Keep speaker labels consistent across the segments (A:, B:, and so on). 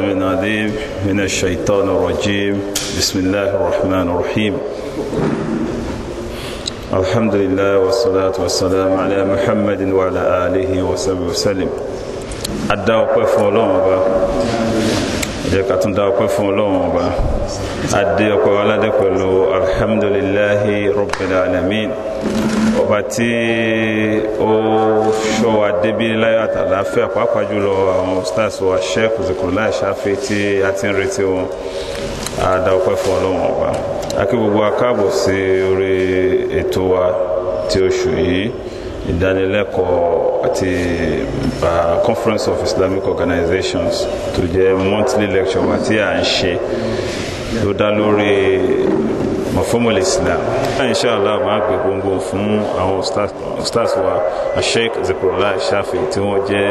A: من عليم من الشيطان الرجيم بسم الله الرحمن الرحيم الحمد لله والصلاة والسلام على محمد وعلى آله وصحبه وسلم أدعو قفوا jẹ́ ká tún dá ọpẹ́ fún ọlọ́run ọba adé ọpẹ́ aládé pẹ̀lú alhamdulillahi rabbil alamin ọba tí ó ṣọ́ wa débi láyọ̀ àtàláfẹ́ pàápàá jùlọ àwọn stars wa sheikh zikunlá ìṣàfẹ́ tí a ti ń retí wọn a dá ọpẹ́ fún ọlọ́run ọba akí gbogbo sí orí ètò wa ti oṣù yìí ìdánilẹ́kọ̀ọ́ àti uh, conference of islamic organizations tó jẹ́ monthly lecture wa tí à ń ṣe ló dá lórí mafumul islam inshallah máa gbé gbogbo fún àwọn stars, wa sheikh zikrullah shafi tí wọ́n jẹ́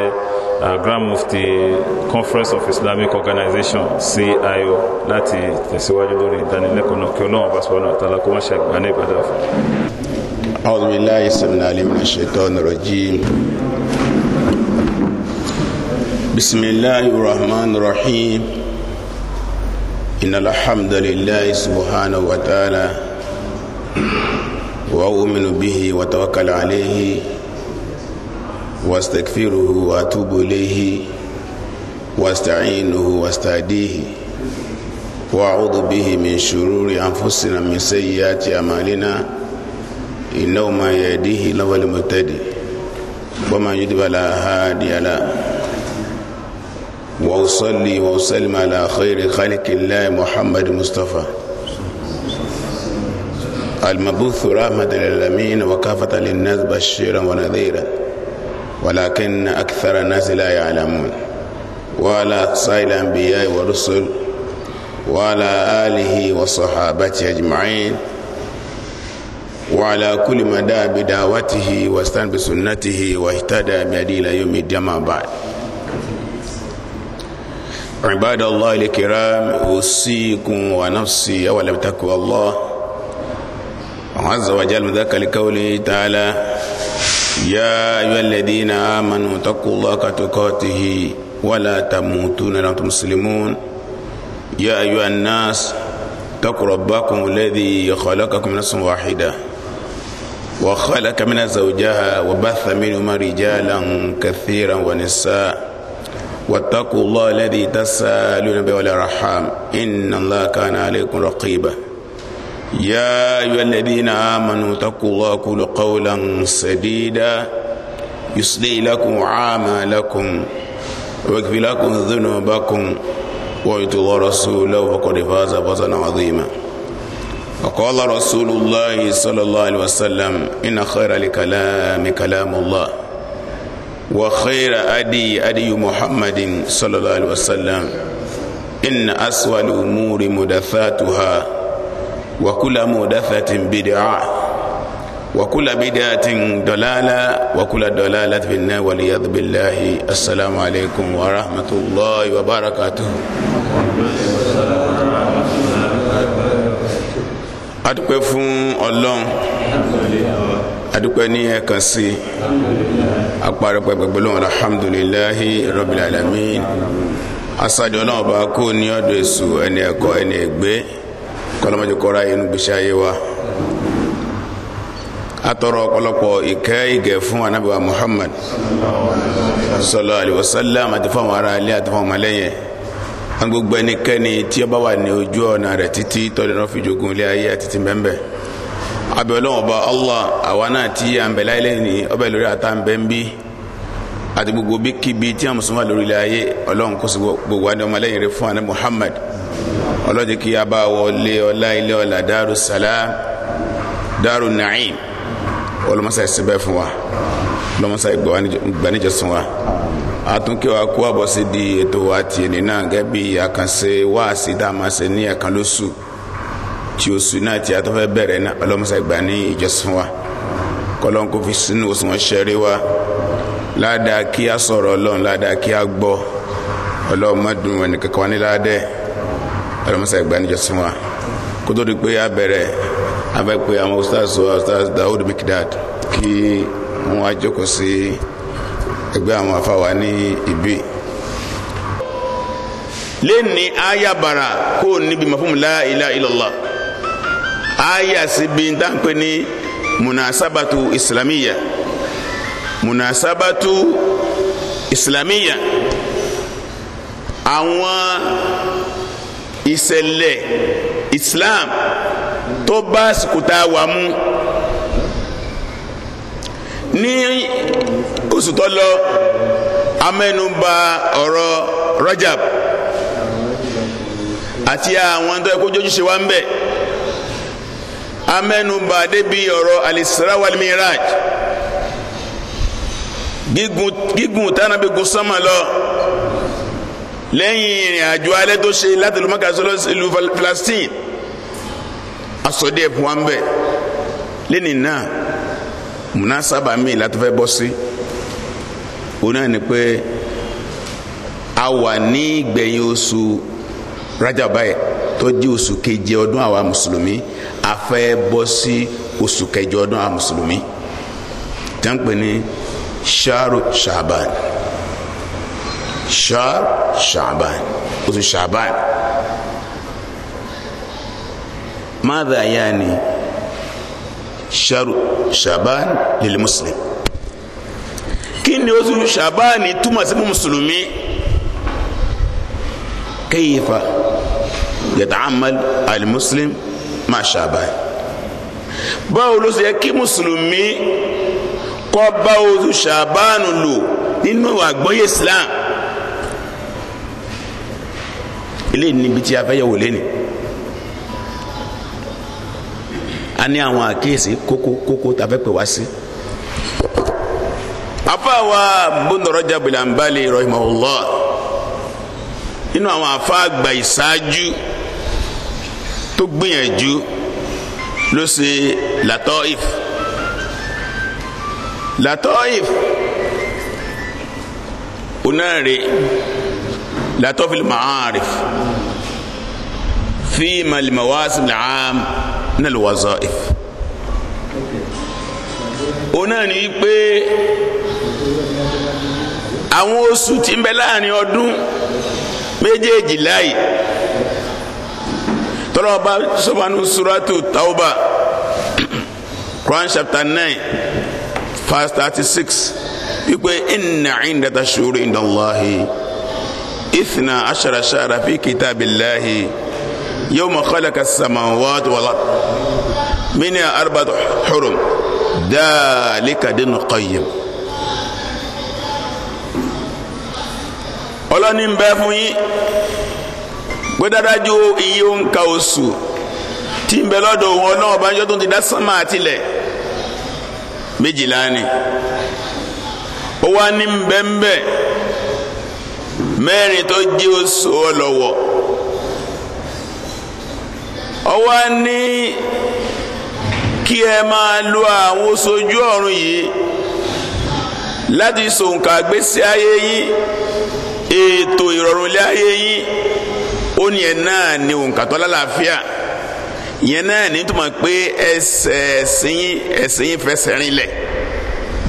A: uh, grand mufti conference of islamic organization cio láti tẹ̀síwájú lórí ìdánilẹ́kọ̀ọ́ náà kí ọlọ́run bá sọ̀rọ̀ àtàlákọ́ wọn ṣàgbà ní ìbàdàn fún
B: أعوذ بالله السميع العليم من الشيطان الرجيم بسم الله الرحمن الرحيم إن الحمد لله سبحانه وتعالى وأؤمن به وتوكل عليه واستغفره وأتوب إليه واستعينه واستهديه وأعوذ به من شرور أنفسنا من سيئات أعمالنا إنه ما يهديه له المهتدي وما يدب لا هادي له وأصلي وأسلم على خير خلق الله محمد مصطفى المبث رحمة للأمين وكافة للناس بشيرا ونذيرا ولكن أكثر الناس لا يعلمون وعلى أقصي الأنبياء والرسل وعلى آله وصحابته أجمعين وعلى كل من دعا بدعوته واستنى بسنته واهتدى بهدي الى يوم الدين بعد عباد الله الكرام اوصيكم ونفسي اولم تقوى الله عز وجل من ذكر لقوله تعالى يا ايها الذين امنوا اتقوا الله كتقاته ولا تموتون الا وانتم مسلمون يا ايها الناس اتقوا ربكم الذي خلقكم من نفس واحده وخلق من زوجها وبث منهما رجالا كثيرا ونساء واتقوا الله الذي تسالون به والارحام ان الله كان عليكم رقيبا يا ايها الذين امنوا اتقوا الله قولوا قولا سديدا يصلي لكم اعمالكم ويغفر لكم ذنوبكم ويطيعوا رسوله فقد فاز فوزا عظيما وقال رسول الله صلى الله عليه وسلم إن خير الكلام كلام الله وخير أدي أدي محمد صلى الله عليه وسلم إن أسوأ الأمور مدثاتها وكل مدثة بدعة وكل بدعة دلالة وكل ضلالة في النار والعياذ بالله السلام عليكم ورحمة الله وبركاته adúpẹ́ fún ọlọ́run adúpẹ́ ní ẹ̀kan sí apárẹ́pẹ́ pẹ̀pẹ́ lọ́wọ́ alhamdulillahi rabbil alamin bá kó ní ọ̀dọ̀ èṣù ẹni ẹ̀kọ́ ẹni ẹ̀gbẹ́ kọlọ́mọdé kọ́ra inú gbèsè ayé wa atọrọ ọ̀pọ̀lọpọ̀ fún muhammad an gbogbo ẹnikẹ́ni tí ó bá wà ní ojú ọ̀nà rẹ̀ títí tọ́jú náà fi jogun ilé ayé àti ti bẹ́ẹ̀ abẹ́ ọlọ́wọ́n bá Allah àwa náà tí à ń bẹ̀ láyé lẹ́yìn ọbẹ̀ lórí ata ń bẹ́ ń bí àti gbogbo bí kíbi tí a mùsùlùmí lórí ilé ayé ọlọ́run kó sì gbogbo wa ní ọmọlẹ́yìn rẹ̀ fún àná Muhammad ọlọ́dẹ kí a bá wọlé ọlá ilé ọlá dáru salam dáru na'im ọlọ́mọsà ìsìnbẹ́ fún wa ọlọ́mọsà ìgbàníjọsìn wa àtúnkí wa kó àbọ̀sí di ètò wa ti ní náà gẹ́gẹ́ bí àkànṣe wáàsí dá máa ṣe ní ẹ̀kan lóṣù tí oṣù náà tí a tó fẹ́ bẹ̀rẹ̀ náà ọlọ́mọṣẹ́ gbà ní ìjọsìn wa kọ́lọ́n kò fi sínú òṣùwọ̀n ṣẹ́rí wa ládàá kí a sọ̀rọ̀ ọlọ́run ládàá kí a gbọ́ ọlọ́mọdún ẹnì kankan ní ládẹ́ ọlọ́mọṣẹ́ gbà ní ìjọsìn wa kó tó di pé a bẹ̀rẹ̀ a fẹ́ pe àwọn ustaz wa ustaz Daoud Mikdad kí wọ́n á jókòó ẹgbẹ́ àwọn afáwa ní ìbí lẹ́ni ayabara kó o níbi mafhum la ilaha illallah ayasi bi n dáńpẹ́ ní munasabatu islamiyya munasabatu islamiyya àwọn ìṣẹ̀lẹ̀ islam tó bá sùkúta wà mú ní oṣù tó lọ amẹ́nubà ọ̀rọ̀ Rajab àti àwọn tó yẹ kó jójúṣe wa ń bẹ amẹ́nubà débi ọ̀rọ̀ al-Isra wal-Miraj gígùn gígùn tánàbí gun sánmà lọ lẹ́yìn ìrìn àjò alẹ́ tó ṣe láti lu Mákà ìlú Palestine asọ́dẹ̀ fún wa ń bẹ lẹ́nìí náà múnasaba mi láti fẹ́ bọ́ sí. Si òun náà ni pé a wà ní ìgbẹ̀yìn oṣù rajaba yìí tó di oṣù keje ọdún àwa mùsùlùmí a fẹ́ bọ́ sí oṣù kẹjọ ọdún àwa mùsùlùmí tẹ́ ń pè ní sharu shaban shar shaban oṣù shaban madha yani sharu shaban lil muslim kí ni oṣù ṣàbáàní túmọ̀ sí fún mùsùlùmí kéyìfà yata'ammal alimuslim ma ṣàbáàní báwo ló ṣe yẹ kí mùsùlùmí kọ́ bá oṣù ṣàbáàní lò nínú àgbọ́yé Islam ilé níbi tí a fẹ́ yẹ̀wò lẹ́nu a ní àwọn àkíyèsí kókó kókó tá pè wá sí. Si afa wa bundọrọ jabilambali rahimahullah nínú àwọn afa àgbà ìṣáájú tó gbìyànjú ló ṣe latọ́if latọ́if onáre latọ́fil ma'arif fi malimawasim la'am nalwazaif onáà ní pé àwọn oṣù tí ń bẹ láàrin ọdún méjèèjì láì tọ́lọ́ba sọ́fàánù suratu tauba Quran chapter nine verse thirty six wípé inna indata shuru indallahi ithna ashara shara fi kitabillahi yawma khalaqa samawati wal ard minha arba'atu hurum dhalika din qayyim. ọlọ́ni ń bẹ fún yín iye òǹkà oṣù tí ń bẹ lọ́dọ̀ òun ọlọ́run tó ti dá sánmà tilẹ̀ méjìlá ni ó wá ní ń bẹ ń bẹ mẹ́rin tó jẹ́ oṣù ọlọ́wọ́ ó wá ní kí ẹ máa lo ètò ìrọ̀rùn ilé ayé yín ó ní ẹ̀ náà ni òǹkà tó lálàáfíà ìyẹn náà ní tó mọ̀ pé ẹsẹ̀ ẹ̀sìn ẹ̀sìn yín fẹsẹ̀ rinlẹ̀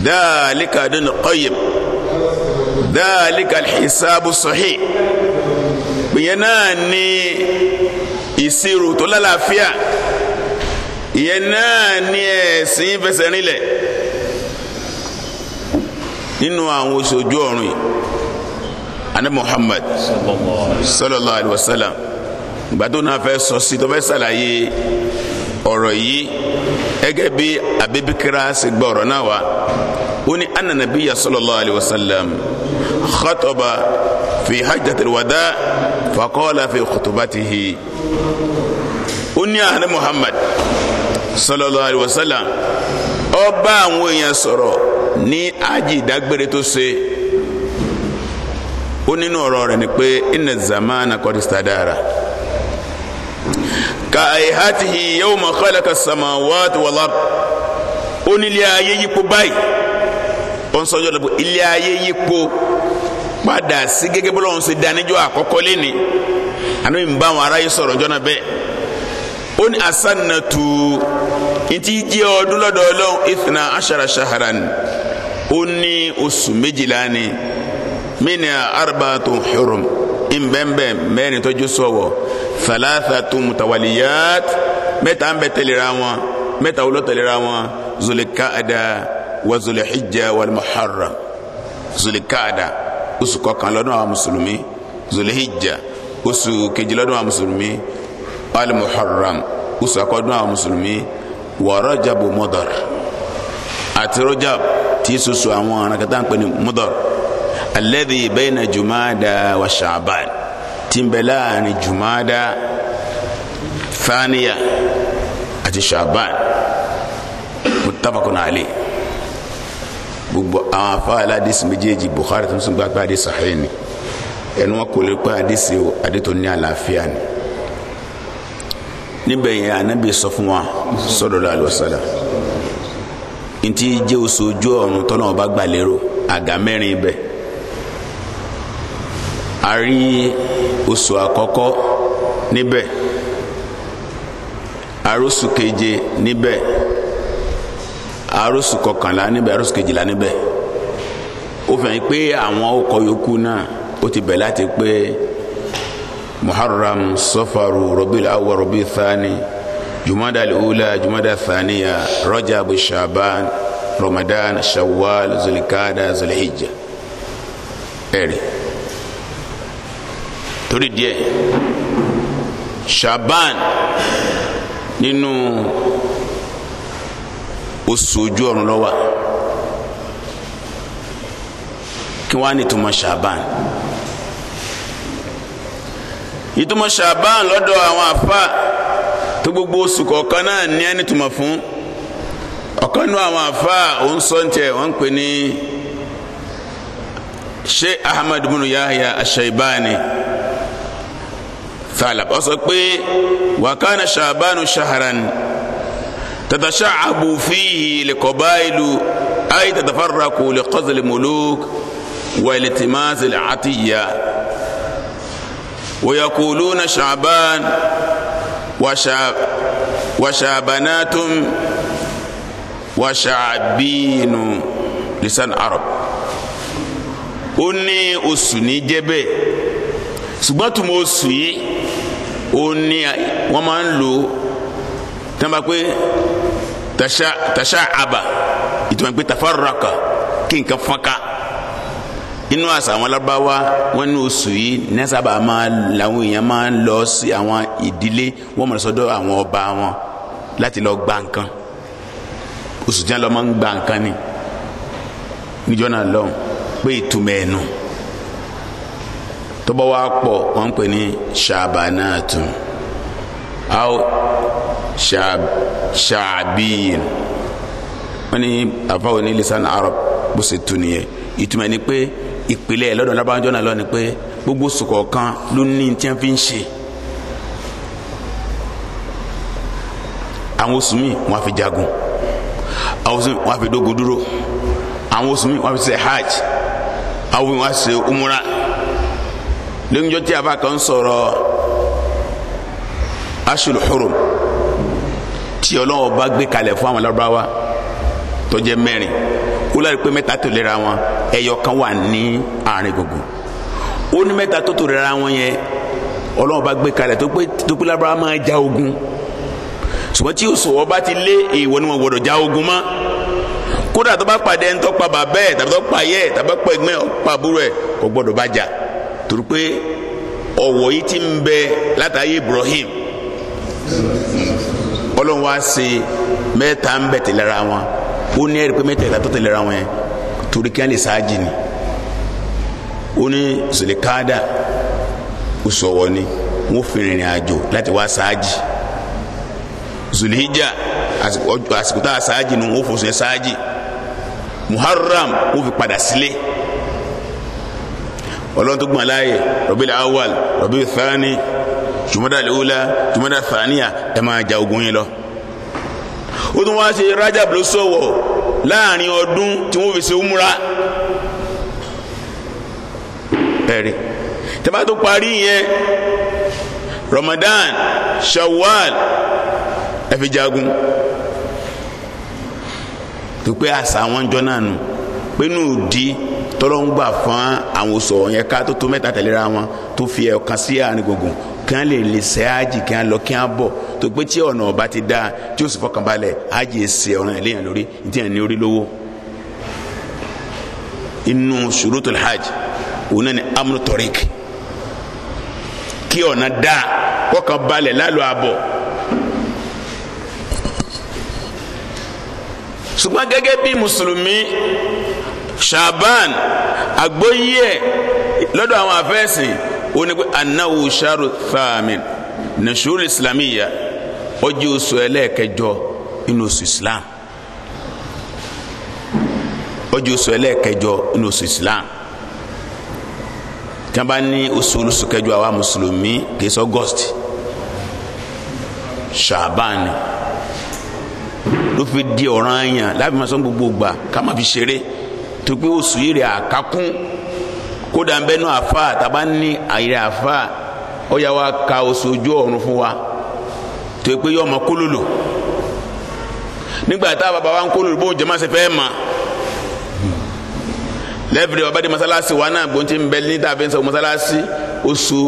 B: dáàlíkà dùn qayyim dáàlíkà hisabu sahih ìyẹn náà ní ìṣirò tó lálàáfíà ìyẹn náà ní ẹ̀sìn yín fẹsẹ̀ rinlẹ̀ nínú àwọn oṣooju ọ̀run yìí ani muhammad sallallahu alayhi wa sallam gbàtó náà fẹ́ sọ sí tó fẹ́ sàlàyé ọ̀rọ̀ yìí gẹ́gẹ́ bí abibikira ṣe gbọ́ ọ̀rọ̀ náà wá ó ní ananabiya sallallahu alayhi wa sallam khataba fi hajjatul wada fi khutubatihi ó ani muhammad sallallahu alayhi wa sallam ó bá àwọn èèyàn sọ̀rọ̀ ní ají ìdágbére tó ṣe ó nínú ọ̀rọ̀ rẹ̀ ni pé inna zamana qad istadara ka hayatihi yawma khalaqa as-samawati wal ard ó ní ilé ayé yípo báyìí ó ń sọjọ́ lọ́pọ̀ ilé ayé yípo padà sí gẹ́gẹ́ bọ́lá òun ṣe dánijọ́ àkọ́kọ́ lẹ́ni àná mi bá àwọn aráyé sọ̀rọ̀ jọ́nà bẹ́ẹ̀ ó ní asánàtù ntí jẹ́ ọdún lọ́dọ̀ ọlọ́run ithna ashara ó ní oṣù méjìlá ni mini arbaatun hurum nbẹnbẹn mẹ́rin tó ju sọ̀wọ́ thalathatu mutawaliyat mẹ́ta ń bẹ tẹ̀léra wọn mẹ́ta wolo tẹ̀léra wọn zulikaada wa zulihijja wal-muharram zulikaada oṣù kọkànlá lọ́dún àwọn mùsùlùmí zulihijja oṣù kejì lọ́dún àwọn mùsùlùmí al-muharram oṣù àkọ́dún àwọn mùsùlùmí wa rajabu mudar àti rajab tí soso àwọn arankataa ń pè ní alladhi bayna jumada wa sha'ban tí ń bẹ láàrin jumada thaniya àti sha'ban muttafaqun alayh gbogbo àwọn afa aládìsí méjèèjì bukhari tó ń sùn gbàgbé àdìsí sahih ni ẹnu wọn kò lè pa àdìsí àdìtò ní àlàáfíà ni níbẹ̀ yẹn ànábì sọ fún wa sallallahu alaihi wasallam ntí jẹ́ oṣù ọ̀run tọ́nà ọba gbà lérò àgà bẹ́ẹ̀ a rí oṣù àkọ́kọ́ níbẹ̀ arósù keje níbẹ̀ arósù kọkànlá níbẹ̀ arósù kejìlá níbẹ̀ ó fẹ́ pé àwọn ọkọ̀ yòókù náà ó ti bẹ̀ láti pé muharram sọfaru rọbìlì awọ rọbìlì thani jumada lula jumada thaniya rọjàbù shaban ramadan shawwal zulikada zulhijja ẹ̀rí torí díẹ̀ shaban nínú oṣù ojú ọ̀run ló wà kí wọ́n á ní ìtumọ̀ shaban ìtumọ̀ shaban lọ́dọ̀ àwọn àfa tó gbogbo oṣù kọ̀ọ̀kan náà ní ẹni tùmọ̀ fún ọ̀kan nínú àwọn àfa òun sọ ń tẹ̀ wọ́n ń pè ní sheikh ahmed bunu yahya ashaibani. ثعلب بي وكان شعبان شهرا تتشعب فيه لقبائل أي تتفرق لقزل الملوك والتماس العطية ويقولون شعبان وشعب وشعبنات وشعبين لسان عرب أني أسني جبه سبات موسي ó ní wọ́n máa ń lò tí pé tasha aba ìtumọ̀ pé tafaraka kí nǹkan fọ́nká inú àṣà àwọn alábáwá wọn ní oṣù yìí nẹ́sàbà máa làwọn èèyàn máa ń lọ sí àwọn ìdílé wọn mọ̀ sọ́dọ̀ àwọn ọba wọn láti lọ gba nǹkan oṣù tí wọn ń gba nǹkan ni níjọ́ náà lọ́hùn pé ìtumọ̀ ẹ̀nu. No tọ́bọ̀ wá pọ̀ wọ́n ń pè ní ṣàbánáàtún aw ṣàbíyìn wọ́n ní àfáwọn ní lisan arab bó ṣe tu nìyẹn ìtumọ̀ ni pé ìpìlẹ̀ ẹ̀ lọ́dọ̀ lábájọ́ náà lọ́ni pé gbogbo sùkọ̀ kan ló ní tí wọ́n fi ń ṣe àwọn oṣù míì wọ́n fi jagun àwọn oṣù míì wọ́n fi dógun dúró àwọn oṣù míì wọ́n fi ṣe hajj àwọn oṣù míì wọ́n fi ṣe umura lẹ́yìnjọ́ tí a bá kàn sọ̀rọ̀ ashul hurum tí ọlọ́wọ́ bá gbé kalẹ̀ fún àwọn lọ́bàwá tó jẹ́ mẹ́rin ó lárí pé mẹ́ta tó lera wọn ẹyọ kan wà ní àárín gbogbo ó ní mẹ́ta tó tó lera wọn yẹn ọlọ́wọ́ bá gbé kalẹ̀ tó pé tó pé lábàá máa ja ogun ṣùgbọ́n tí oṣù ọba ti lé èèwọ̀ ni wọn gbọdọ̀ ja ogun mọ́ kódà tó bá pàdé ẹni tó pa bàbá ẹ̀ tàbí tó pa ayé ẹ̀ tàbí pa ẹgbẹ́ ọ̀ pa àbúrò ẹ̀ kò gbọdọ̀ bá jà torí pé ọ̀wọ̀ yìí ti ń bẹ látàyè Ibrahim ọlọ́run wá ṣe mẹ́ta ń bẹ̀ tẹ̀lera wọn ó ní ẹ̀rí pé mẹ́ta ìlà tó tẹ̀lera wọn yẹn torí kí wọ́n lè ṣáájì ni ó ní zulikada usọ̀wọ́ ni wọ́n fi rìnrìn àjò láti wá ṣáájì zulhijja àsìkò tá a ṣáájì ni wọ́n fòsùn ẹ̀ ṣáájì Muharram wọ́n fi padà sílé ọlọ́run tó gbọ́n láàyè rọ̀bí awal rọ̀bí thani jùmọ́dà lóòlà jùmọ́dà thaniya ẹ máa ja ogun yín lọ. ó tún wá ṣe rajab ló sọ̀wọ̀ láàrin ọdún tí wọ́n fi ṣe umra. ẹ̀rí tẹ́bá tó parí yẹn ramadan shawwal ẹ fi jagun tó pé àṣà àwọn jọ náà nù pé nù dí. No tọ́lọ́hún gbà fún àwọn sọ̀rọ̀ yẹn ká tó tó mẹ́ta tẹ̀léra wọn tó fi ọ̀kan sí àárín gbùngbùn kí wọ́n lè lè ṣe ájì kí wọ́n lọ kí wọ́n bọ̀ tó pé tí ọ̀nà ọba ti dáa tí ó sì fọkàn balẹ̀ ájì ọ̀ràn ẹ̀lẹ́yìn lórí tí yẹn ní orí lówó. inú ṣurutul hajj òun náà ni amúlò tọ́rík kí ọ̀nà dáa kọ́kàn lálọ́ àbọ̀ ṣùgbọ́n gẹ́gẹ́ bí mùsùlùmí shaban agbóyè lọ́dọ̀ àwọn afẹ́sìn ó ní pé anáwó sharu thamin nashuru islamiyya ó oṣù ẹlẹ́ẹ̀kẹjọ inú oṣù islam ó jẹ́ oṣù ẹlẹ́ẹ̀kẹjọ inú oṣù islam tí wọ́n bá ní oṣù olóṣù kẹjọ àwa mùsùlùmí kì í sọ august shaban ló fi di ọ̀ranyàn láti máa sọ gbogbo gbà ká má fi ṣeré tó pé oṣù yìí rẹ̀ àkákún kódà ń bẹ́nu àfa tàbá ní àyèrè àfa ó yà wá ka oṣù ojú ọ̀run fún wa tó pé yọ ọmọ kólòlò nígbà tá a bàbá wa ń kólòlò bó jẹ́ máa ṣe fẹ́ mà lẹ́bìrì ọba dé mọ́sálásí wa náà gbóntì ń bẹ ní tàbí ń sọ mọ́sálásí oṣù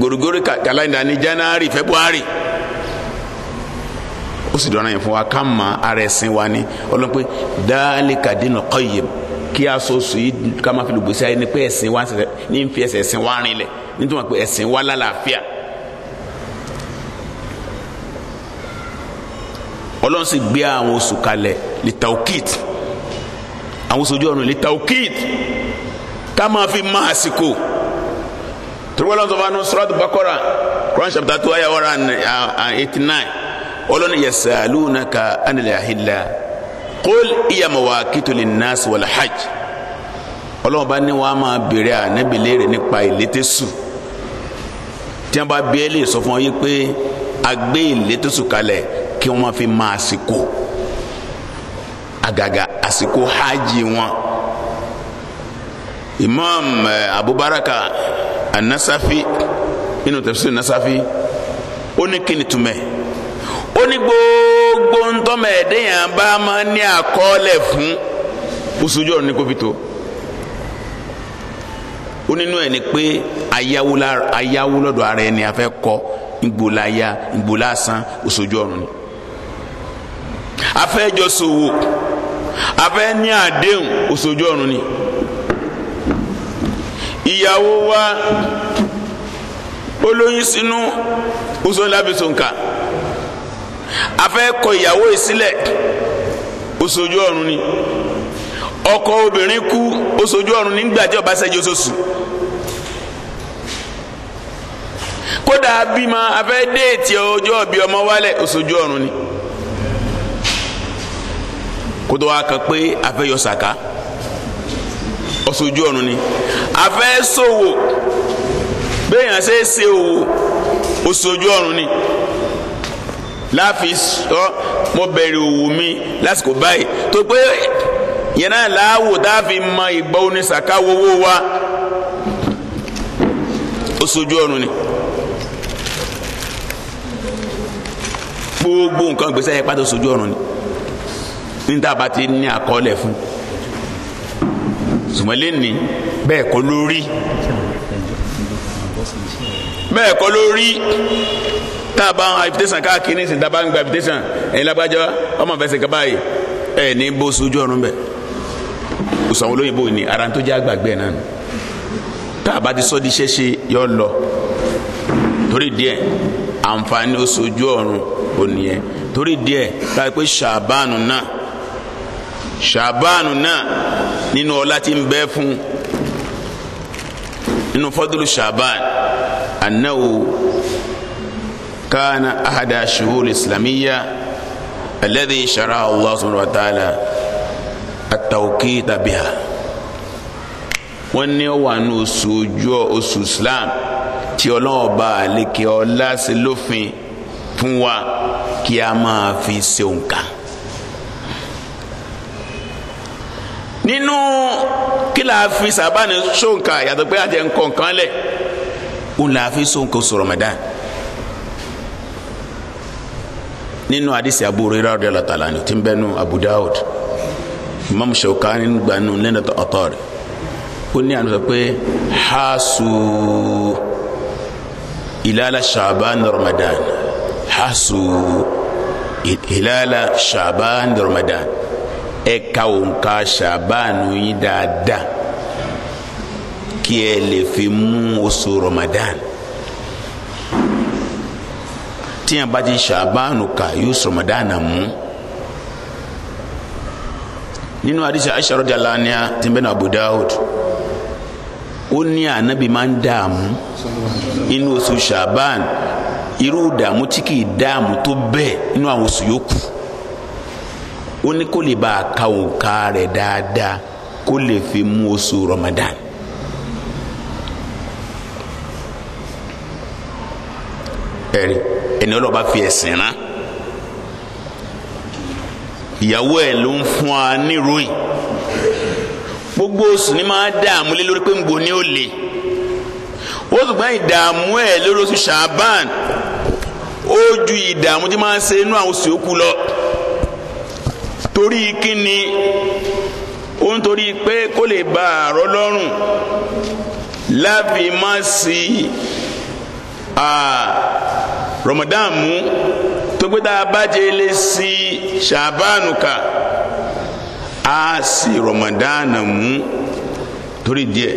B: gòrògòrò kàlẹ́ndà ní January February ó sì dọ́nà yẹn fún wa ká mọ ara ẹ̀sìn wa ni ọlọ́run pé dhalika dinul qayyim kí a sọ sùn yìí ká má fi lù gbèsè ayé ni pé ẹ̀sìn wa ní fi ẹsẹ̀ ẹ̀sìn wa rinlẹ̀ nítorí wọn pé ẹ̀sìn wa lálàáfíà. ọlọ́run sì gbé àwọn oṣù kalẹ̀ litaukit àwọn oṣù ojú ọ̀run litaukit ká máa fi máa àsìkò torí wọn Surat Baqara Quran chapter two ayah one and eighty nine. ولن يسالونك anil ahilla qul iya mawaqitu linnas wal hajj ọlọ́run bá ní wàá máa béèrè ànábì léèrè nípa ìlétésù tí wọ́n bá bí ẹ lè sọ fún ọ yí pé a gbé ìlétésù kalẹ̀ kí wọ́n fi máa àsìkò àgàgà àsìkò hajj wọn imam eh, abubaraka anasafi nínú tafsir nasafi ó ní kí ni túmẹ̀ ó ní gbogbo ntọ́mọ ẹ̀dẹ́yàn bá máa ní àkọọ́lẹ̀ fún oṣoojú ọ̀run ní kófìtò ó nínú ẹ̀ ni pé ayáwó lọ́dọ̀ ara ẹni afẹ́ kọ́ ìgbòláyà ìgbòlásán oṣoojú ni afẹ́ jọ ṣòwò afẹ́ ní àdéhùn oṣoojú ọ̀run ni ìyàwó wa olóyún sínú oṣoojú lábẹ́sọ̀nkà. So a kọ ìyàwó yìí sílẹ̀ ọkọ obìnrin kú ó ọ̀run nígbà tí ọba oṣooṣù kódà bímọ a déètì ọjọ́ ọbí ọmọ wálẹ̀ ó ọ̀run ni kótó wa kan pé yọ láàfin sọ mo bẹ̀rẹ̀ òwò mi lásìkò báyìí tó pé yẹn náà láàwò tá a fi mọ ìgbà oníṣàká wa ó sojú ọ̀run ni gbogbo nǹkan gbèsè yẹn pàtó sojú ọ̀run ni níta bá ti ní àkọọ́lẹ̀ fún sùmọ́lé ní bẹ́ẹ̀ kọ́ lórí bẹ́ẹ̀ kọ́ lórí. tá a bá ń invitation káàkiri nísìnyí tá a bá ń gba invitation ẹ̀yin lágbájá ọmọ fẹsẹ̀ kaba yìí ẹ̀ ní bó sojú ọ̀run bẹ̀ òsàn olóyìnbó ni ara tó jẹ́ àgbàgbé náà nù tá a bá ti sọ́ di ṣẹ́ṣe yọ lọ torí díẹ̀ àǹfààní oṣoojú ọ̀run ò nìyẹn torí díẹ̀ láti pé ṣàbánu na ṣàbánu náà nínú ọlá tí ń bẹ fún nínú fọdúlù كان أحد الشهور الإسلامية الذي شرع الله سبحانه وتعالى التوقيت بها wọ́n ní ó wà ní oṣù ojú oṣù Islam tí Ọlọ́run bá lékè ọlá sí lófin fún wa kí a máa fi ṣe òǹkà. nínú kí la fi sàbáni ṣòǹkà yàtọ̀ pé àjẹ́ nǹkan kan lẹ̀ òun la fi ṣòǹkà oṣù Ramadan. nínú hadisi Abu Hurairah radiyallahu ta'ala anhu tí ń bẹ nu Abu Dawud Imam Shawkani gba nu lẹ́nu ọ̀tọ̀ rẹ̀ ó ní àná sọ pé haasu ilala Sha'ban Ramadan haasu ilala Sha'ban Ramadan ẹ ka òǹkà Sha'ban yín dáadáa kí ẹ lè fi mú oṣù Ramadan tíyẹn bá ti ṣàbánu ká yóò sọmọ dáná mú nínú àdìsí aṣọ radiyallahu anha tí ń bẹ ní Abu Dawud ó ní ànábì máa ń dààmú inú oṣù ṣàbán irú dààmú tí kì í dààmú tó bẹ́ẹ̀ nínú àwọn oṣù yòókù ó ní kó lè bá a ka òǹkà rẹ̀ dáadáa kó lè fi mú oṣù Ramadan ẹ̀rí ẹni ọlọ́ba fi ẹ̀sìn rán ìyàwó ẹ̀ ló ń fún wa níròyìn gbogbo oṣù ni máa dààmú lé lórí pé ń gbò ní òlè ó sì gbọ́n ìdààmú ẹ̀ lórí oṣù ṣàbán ó ju ìdààmú tí máa ń ṣe inú àwọn oṣù yòókù lọ torí kí ni ó ń torí pé kó lè ba àárọ̀ lọ́rùn láfi má sí a. Ramadan mú tó pé tá a bá jẹ ilé sí ṣàbánu ká sì Ramadan mú torí díẹ̀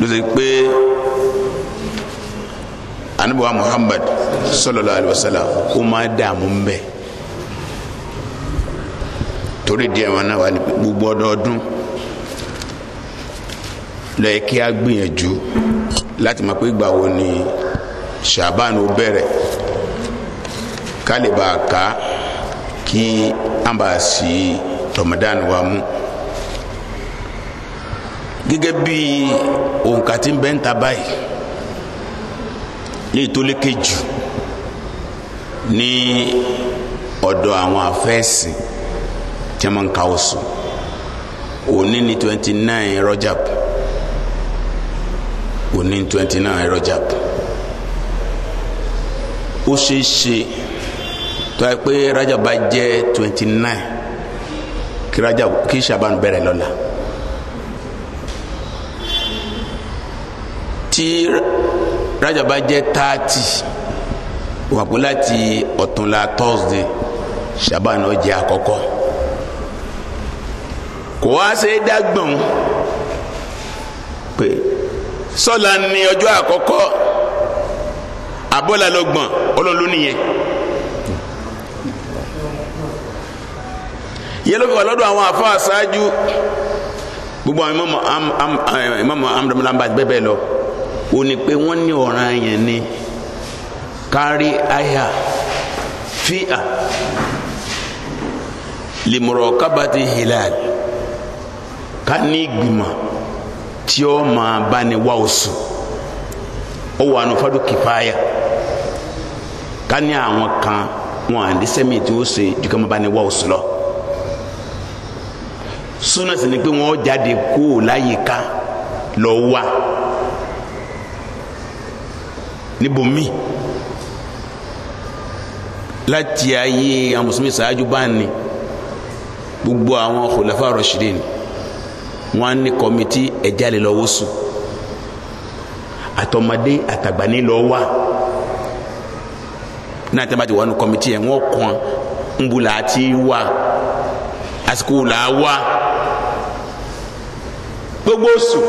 B: ló ṣe pé anabiwa Muhammad sallallahu alaihi wasallam ó máa dààmú mbẹ torí díẹ̀ wọn náà wà ní gbogbo ọdọọdún lọ́yẹ̀ kí a gbìyànjú láti máa pé ìgbà wo ni ṣàbánu bẹ̀rẹ̀ kálíbà ká kí an b'a si Ramadan wa mu gẹ́gẹ́ bí òǹkàtí ń bẹ ń ta báyìí léyìí tó lékè jù ní ọ̀dọ̀ àwọn afẹ́ẹ̀sì tí wọ́n máa ń ka òní ní twenty nine Rajab òní twenty nine Rajab ó ṣe é ṣe tó yẹ pé Rajab bá jẹ́ twenty nine kí Rajab kí Ṣàbánu bẹ̀rẹ̀ lọ́la tí Rajab bá jẹ́ thirty wà pé láti ọ̀túnla Thursday Ṣàbánu ó jẹ́ àkọ́kọ́ kò wá ṣe é dágbọ̀n pé sọ́la ni ọjọ́ àkọ́kọ́ abọ́là lọ́gbọ̀n ọlọ́run ló nìyẹn. yẹ ló fi wà lọ́dọ̀ àwọn àfáà ṣáájú gbogbo àwọn imamu amúdàmúdàmbà eh, bẹ́ẹ̀ bẹ́ẹ̀ lọ ó ní pé wọ́n ní ọ̀ràn yẹn ni kárí àyà fíà lèmọ̀rọ̀ kábàtì hilal ká ní ìgbìmọ̀ tí ó máa bá ní wá ó wà nù fádùn kìfáyà ká ní àwọn kan wọn àdísẹ́ mi tí ó ṣe ju kí wọ́n bá ní wọ́ọ̀ sùn súnà sì ni pé wọ́n jáde kó o láyìíká lọ wá níbòmí láti ayé àwọn mùsùlùmí ṣáájú bá ní gbogbo àwọn khulafa rashidin wọn á ní kọ́mítì ẹ̀já lè sùn àtọmọdé àtàgbà ní lọ́ọ́ wá náà tẹ́ bá ti wà nù kọ́mìtì yẹn wọ́n kàn ń bu là á ti wà àsìkò là á wà gbogbo oṣù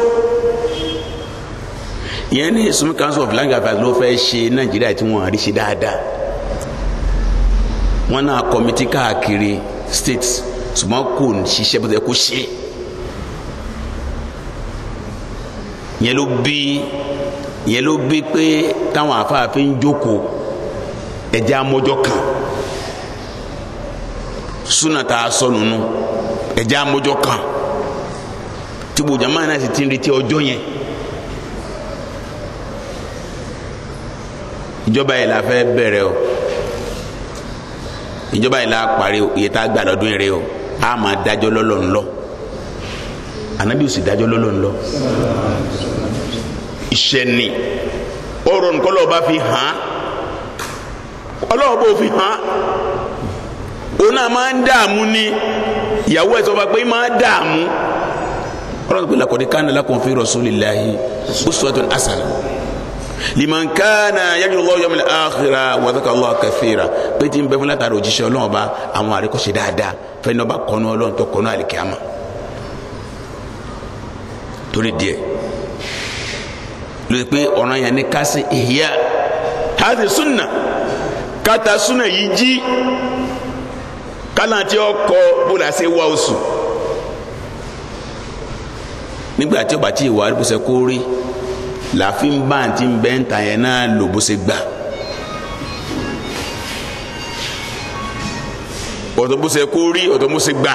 B: yẹn ní sumi council of land affairs ló fẹ́ ṣe nàìjíríà tí wọ́n rí ṣe dáadáa wọ́n náà kọ́mìtì káàkiri states ṣùgbọ́n kò ṣiṣẹ́ bó ti yẹ kó ṣe é. yẹn ló bí yẹn ló bí pé táwọn afáàfin jókòó ẹjẹ amọjọ kan suna ta sọ nínú ẹjẹ amọjọ kan tí gbogbo jama náà sì ti ń retí ọjọ́ yẹn ìjọba yìí la fẹ́ bẹ̀rẹ̀ o ìjọba yìí la parí o iye tá a gbà lọ́dún yìí rẹ o a máa dájọ́ lọ́lọ́ ńlọ anabi ò sì dájọ́ ńlọ ìṣẹ̀ni ọ̀rọ̀ nǹkan lọ́ọ́ fi hàn án ọlọ́run bó fi hàn òun náà máa ń dààmú ni ìyàwó ẹ̀ sọ fún wa pé máa dààmú ọlọ́run pé laqad kana lakum fi rasulillahi uswatun hasana liman kana yarju Allaha yawmal akhira wa dhakara Allaha kathira pé tí ń bẹ fún látàrí òjíṣẹ́ ọlọ́run ọba àwọn àríkọ́ṣe dáadáa fẹ́ni ọba kọ́nú ọlọ́run tó kọ́nú àlìkíyàmá torí díẹ̀ lórí pé ọ̀ràn yẹn ní ká sí ìhìyà sunna kata súnà yìí jí kálá tí ó kọ bó la ṣe wá oṣù nígbà tí ó bá ti wà bó ṣe kó rí làáfin bá àti bẹ́ńtà yẹn náà lò bó ṣe gbà. ọ̀tọ̀ bó ṣe kó rí ọ̀tọ̀ bó ṣe gbà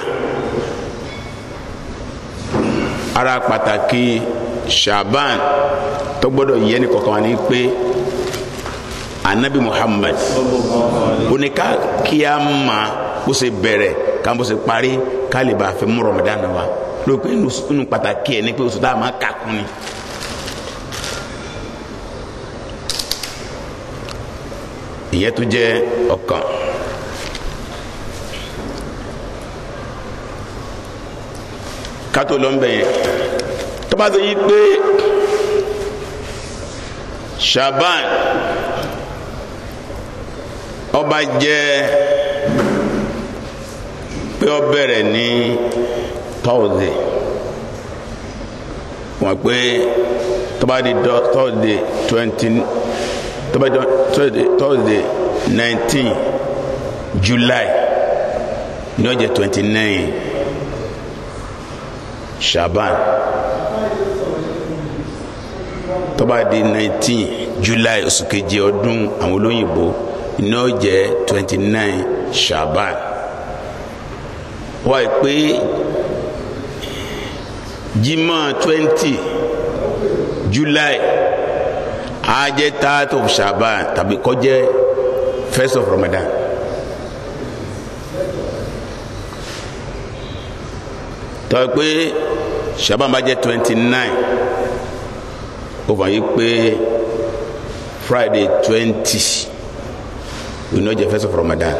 B: ara pàtàkì Shaban tó gbọ́dọ̀ yẹ ní kọ̀ọ̀kan wá ní pé anabi muhammad oníka kíámà bó ṣe bẹ̀rẹ̀ ká bó ṣe parí ká lè bá a fẹ́ mú rọmọdánù wa lópin nínú pàtàkì ẹ̀ ní pé oṣù tá a máa kà kún ni. ìyẹn tó jẹ́ ọ̀kan. kátó lọ ń bẹ̀ yẹn tọ́ba ṣe yí pé shaban ọba jẹ́ pé ó bẹ̀rẹ̀ ní tọ́ọ̀dẹ̀ wọ́n pé tọ́ba di tọ́ọ̀dẹ̀ twenty nineteen July ní ọjọ́ twenty nine Shaban tọ́ba di nineteen July oṣù keje ọdún àwọn olóyìnbó n'o jẹ́ twenty nine shaban wáyé pé jimá twenty july á third of shaban tàbí kó first of ramadan. tọ́ pé shaban bá jẹ́ twenty nine ó fà yí pé friday twenty. We ìní ọjọ́ first of Ramadan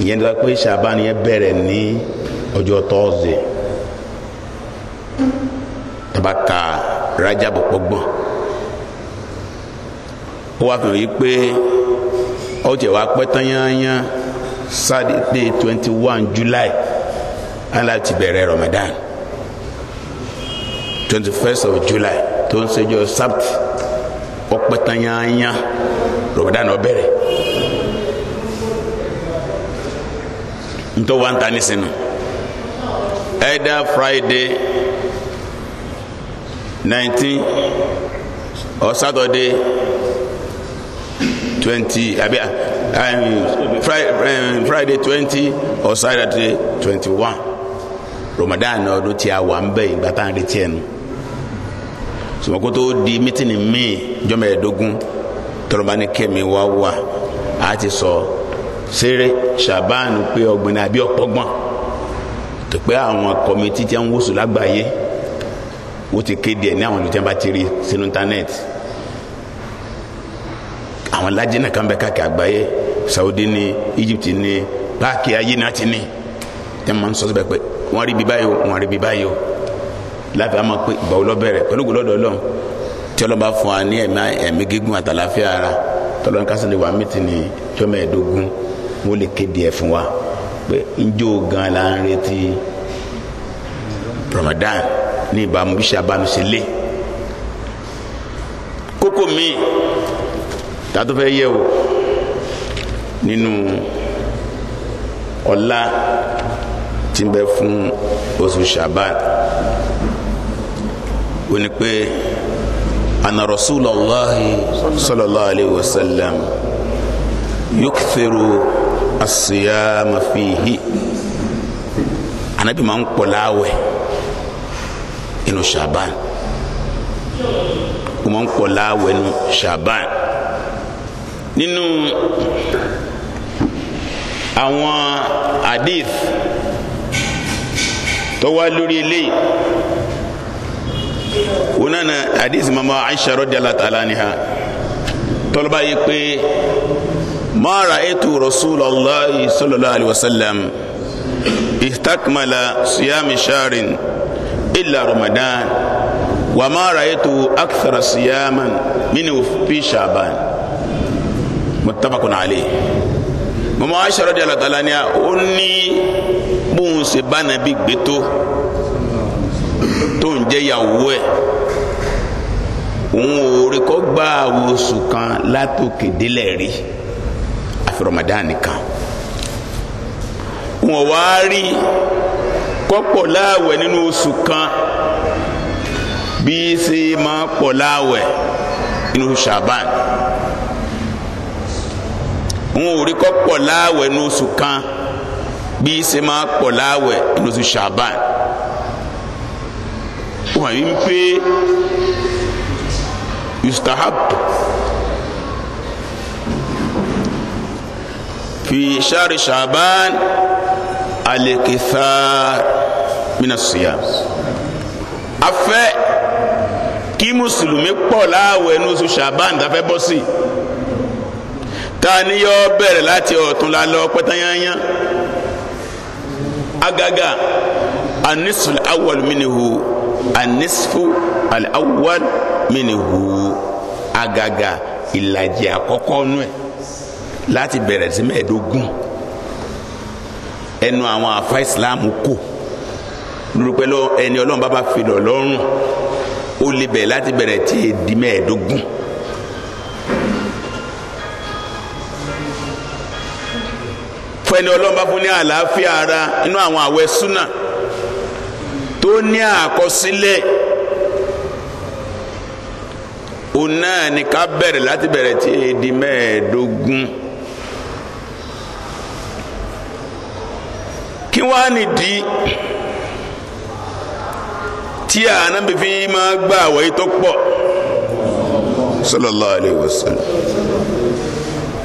B: ìyẹn tó bá pé ṣàbán yẹn bẹ̀rẹ̀ ní ọjọ́ tọ́ọ̀sì tàbá ka rájàbọ̀ pọ́gbọ̀n ó wá fihàn yìí pé ó jẹ́ wá pẹ́ tán Saturday twenty one July aláti bẹ̀rẹ̀ Ramadan twenty first of July tó ń ṣẹjọ́ sábt ó pẹ́ tán yányán Ramadan ó bẹ̀rẹ̀. ntọ́ wa ń ta ní sinu ẹ̀dá Friday nineteen or Saturday twenty abi ah, um, Friday, um, Friday twenty or Saturday twenty-one Ramadan ọdún tí a wà ń bẹ̀ ìgbà tá à ń retí ẹ̀ nu sọmọkó tó di mítìnì míì jọmọ ẹ̀ẹ́dógún tọrọ bá ní kẹ́mi wá wà á ti sọ. So, Sere ṣàbánu pé ọgbọ̀n àbí ọ̀pọ̀gbọ̀n tó pé àwọn kọ́mítì tí wọ́n wòsàn lágbàáyé wọ́n ti kéde ẹ̀ ní àwọn olùtẹ́ bá ti rí sínú íńtánẹ́ẹ̀tì àwọn lajina kan bẹ káàkiri àgbáyé Saudi ni Egypt ni páàkì ayé náà ti ní ẹ máa ń sọ síbẹ̀ pé wọ́n rí bí báyìí o wọ́n rí bí báyìí o láti àmọ́ pé ìgbàwó lọ bẹ̀rẹ̀ pẹ̀lú gbọ́dọ̀ lọ́dọ̀ lọ́n tí fún wa ní ẹ̀mí gígùn àtàlàfíà ara tọ́lọ́nkásílẹ̀ wàmí ti ní jọ́mẹ̀ẹ́dógún mo lè kéde ẹ̀ fún wa pé njó gan la ń retí Ramadan ní ìbámu bí sábàánu ṣe lé kókó míì tààtò fẹ́ yẹ̀ wò nínú ọlá tí ń bẹ fún oṣù Shaban ó ní pé ana Rasulullahi sallallahu alayhi wa sallam yukthiru. asiyama fihi anabi máa ń pọ̀ láwẹ̀ shaban o máa ń pọ̀ láwẹ̀ shaban ninu, àwọn hadith tó wá lórí eléyìí wọn nana hadith mama aisha radiyallahu ta'ala anha tọ́lọ́ba yìí pé. ما رأيت رسول الله صلى الله عليه وسلم استكمل صيام شهر إلا رمضان وما رأيت أكثر صياما منه في شعبان متفق عليه mọmọ aisha rọdí alatala ni a ó ní bóun ṣe bá nàbí gbé tó tó ń jẹ ìyàwó ẹ òun ò rí kọ́ gbà wosùn àfi Ramadan nìkan wọn wá rí kọ́pọ̀ láàwẹ̀ nínú oṣù kan bí ṣe máa pọ̀ láàwẹ̀ nínú Ṣàbán wọn ò rí kọ́pọ̀ láàwẹ̀ nínú oṣù kan bí ṣe máa pọ̀ láàwẹ̀ nínú oṣù Ṣàbán wọn yìí ń pé yustahab fi shari shaban alikithar mina siya a fẹ́ kí mùsùlùmí pọ̀ láàwẹ̀ ní oṣù shaban tá a fẹ́ bọ́ sí ta ni yọ bẹ̀rẹ̀ láti ọ̀tún la lọ pẹ́tàyányá agaga anisful awal minihu anisfu al awal minihu agaga ìlàjì àkọ́kọ́ nù ẹ̀ láti bẹ̀rẹ̀ sí mẹ́ẹ̀ẹ́dógún ẹnu àwọn àfa ìsìláàmù kò lórúkọ ẹni ọlọ́run bàbá fìlọ̀ lọ́rùn ó lè bẹ̀rẹ̀ láti bẹ̀rẹ̀ tí èdè mẹ́ẹ̀ẹ́dógún. fẹ́ni ọlọ́run bá fún ní àlàáfíà ara inú àwọn àwẹ̀ súnà tó ní àkọsílẹ̀ òun náà ni ká bẹ̀rẹ̀ láti bẹ̀rẹ̀ tí èdè mẹ́ẹ̀ẹ́dógún. kí wàá nìdí tí Ànábì fi máa gba àwẹ̀ tó pọ̀ sallallahu alayhi wa sallam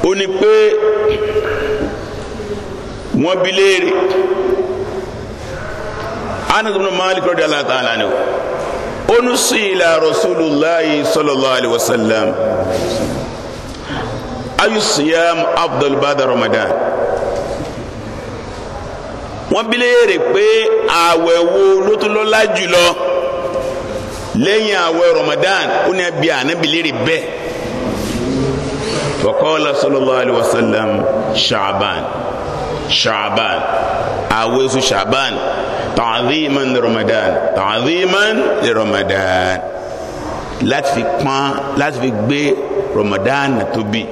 B: ó ní pé wọ́n bi léèrè Anas ibn Malik radiyallahu ta'ala anhu onusila rasulillahi sallallahu alaihi wasallam ayu siyam afdal ba'da ramadan wọ́n bi léèrè pé ààwẹ̀ wo ló tó lọ́lá jùlọ lẹ́yìn ààwẹ̀ Ramadan ó ní ẹbí ànábì bẹ́ẹ̀ fọkọ́lá sallallahu alayhi sallam ṣaaban ṣaaban ààwẹ̀ oṣù ṣaaban ta'ziman li Ramadan ta'ziman li Ramadan láti fi pọ́n láti fi gbé Ramadan tóbi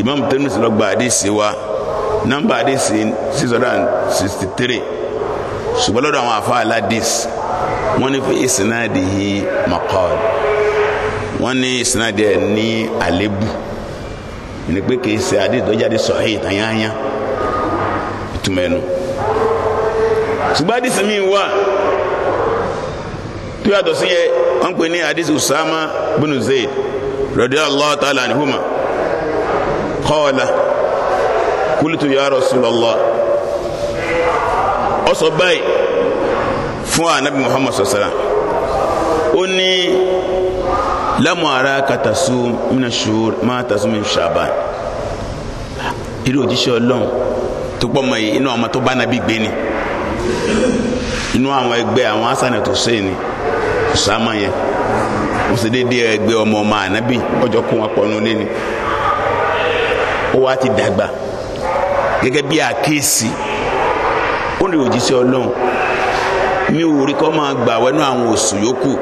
B: Imam Tirmidhi àdìsí wa. nọ́mbà àdìsí six hundred and sixty three ṣùgbọ́n lọ́dọ̀ àwọn afa aládìs wọ́n ní fi ìsìnàdì yìí maqal wọ́n ní ìsìnàdì ẹ̀ ní àlébù ní pé kì í ṣe àdìs tó jáde sahih tanyanya ìtumọ̀ ẹnu ṣùgbọ́n àdìsí mi wà tó yàtọ̀ sí yẹ wọ́n pè ní Usama bin Zaid radiyallahu ta'ala anhuma qala. kúlìtù ya Rasulullah ó sọ báyìí fún anabi muhammad sọsara ó ní lámù ara kàtàsù mina shur máa tàsù min Sha'ban irú òjíṣẹ́ ọlọ́run tó pọ̀ mọ́ yìí inú àwọn tó bá nàbí gbé ni inú àwọn ẹgbẹ́ àwọn hasan tó ṣe ni ọ̀sàmọ̀ yẹn wọ́n sì déédéé ẹgbẹ́ ọmọ ọmọ ànábì ọjọ́ kó wọn pọ̀ nulẹ̀ ni ó wá ti dàgbà gẹ́gẹ́ bí àkíyèsí ó lè òjíṣẹ́ ọlọ́run mi ò rí kọ́ máa gbà wẹ́nu àwọn oṣù yòókù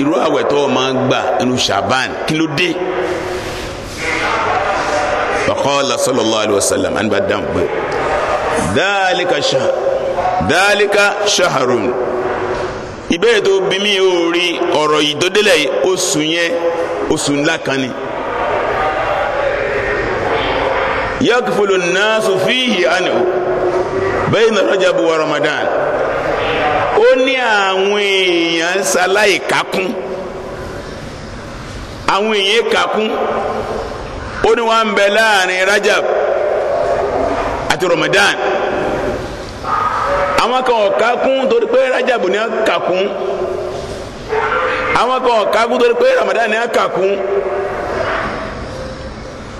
B: irú àwẹ̀ tó o máa gbà nínú shaban kí ló dé faqala sallallahu alayhi wa sallam anba dáhùn pé dhalika shahr dhalika shahrun ìbéèrè tó bí mi ò rí ọ̀rọ̀ yìí tó délẹ̀ oṣù yẹn oṣù ńlá kan ni. يغفل الناس فيه عنه بين رجب ورمضان ó ní àwọn èèyàn ṣaláì kakún àwọn èèyàn kakún ó ní àti ramadan àwọn kan ò kakún torí pé rajab ni àwọn kan ò kakun torí pé ramadan ni wọn kakún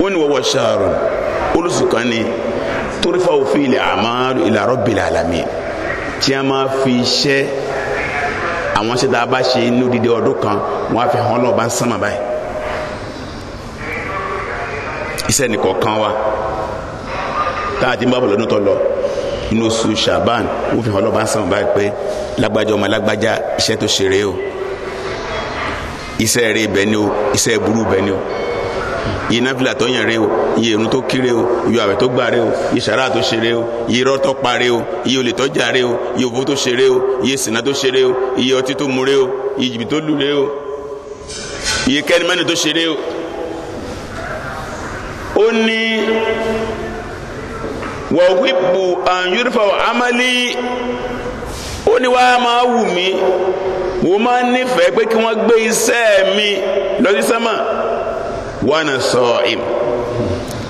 B: wọn ni wọ́n wọ ṣaaru. olùsù kan ni torífa òfin ilẹ̀ àmàlù ila rabbil alamin tí a máa fi iṣẹ́ àwọn iṣẹ́ tá a bá ṣe inú dídé ọdún kan wọ́n á fi hàn lọ́wọ́ bá ń sánmà báyìí iṣẹ́ nìkọ̀ọ̀kan wa tá a ti ń bá bọ̀ lọ́dún tó lọ inú oṣù shaban wọ́n fi hàn lọ́wọ́ bá ń sánmà báyìí pé lágbájá ọmọ lágbájá iṣẹ́ tó ṣeré o iṣẹ́ rere bẹ́ẹ̀ o iṣẹ́ burú bẹ́ẹ̀ o iye náfìlà tó yàn rè o iye irun tó kéré o iye àwẹ̀ tó gbà rè o iye sàrà tó ṣeré o iye irọ́ tó parẹ́ o iye olè tó jà rè o iye òfó tó ṣeré o iye sìnà tó ṣeré o iye ọtí tó mu rè o iye jìbìtì tó lù rè o iye kẹ́nimẹ́ni tó ṣeré o. ó ní wàhíbù àyùrùfà amálí ó ní wàá máa wù mí wọ́n máa nífẹ̀ẹ́ pé kí wọ́n gbé iṣẹ́ mi lọ sí sẹ́mà. wa ana sa'im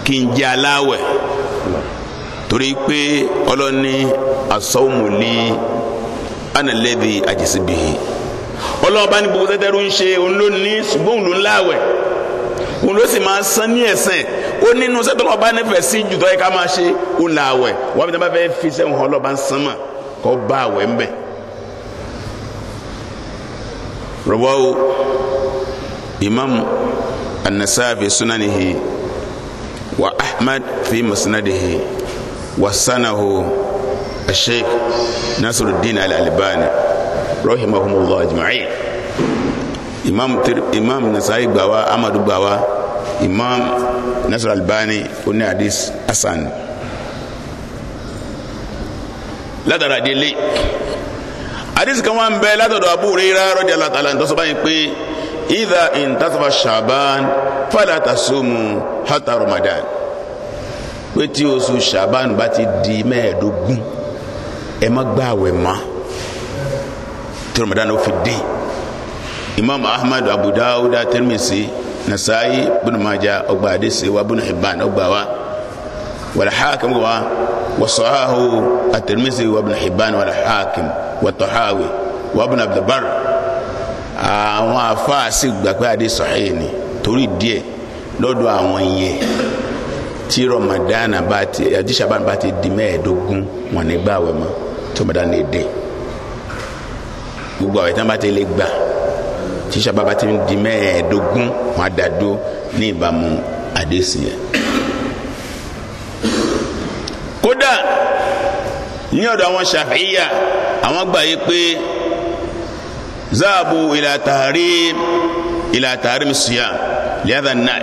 B: kí torí pé ọlọ́ni asọ́mùlì analẹ́bi àjẹsíbìhì ọlọ́ọ̀bá ní gbogbo tẹ́tẹ́rú ń ṣe òun ṣùgbọ́n òun láwẹ̀ òun máa san ní ẹ̀sẹ̀ ó nínú sẹ́tọ́ nífẹ̀ẹ́ sí jùtọ́ yẹ ká máa ṣe wọ́n fi fẹ́ fi sẹ́wọ̀n ń san kọ́ bá àwẹ̀ ń bẹ̀. النسائي في سننه وأحمد في مسنده وسنه الشيخ نصر الدين الألباني رحمهم الله أجمعين imam tir imam nasai gbawa amadu gbawa imam nasir albani oní hadis hasan látara délé hadis kan wà ń bẹ látọ̀dọ̀ abu rira rọ́jà látàlá ń tọ́sọ́ báyìí pé إذا intasaba shaban فلا تصوموا حتى رمضان. pé tí oṣù shaban bá ti di mẹ́ẹ̀ẹ́dógún ẹ má gbààwẹ̀ mọ́ tí ramadan ó fi dé imam ahmad abu dawuda tirmisi nasa'i bin maja ọgbà adisi wa bin hibban ọgbà wa wàlá hakim wa wasahahu atirmisi wa wa tahawi wa àwọn àfáà sì gbà pé adé sọ̀hìn ni torí díẹ̀ lọ́dọ̀ àwọn yẹn tí ramadana bá ti adisaba bá ti di mẹ́ẹ̀ẹ́dógún wọn ní gbà wẹ̀ mọ́ tó ramadan lè dé gbogbo àwọn ìtàn bá ti lè gbà tí saba bá ti di mẹ́ẹ̀ẹ́dógún wọn á ní ìbámu àdéhùn yẹn. kódà ní ọ̀dọ̀ àwọn ṣàfihàn àwọn gbà yí pé zaabu ila tahrim ila tahrim siyam liada nai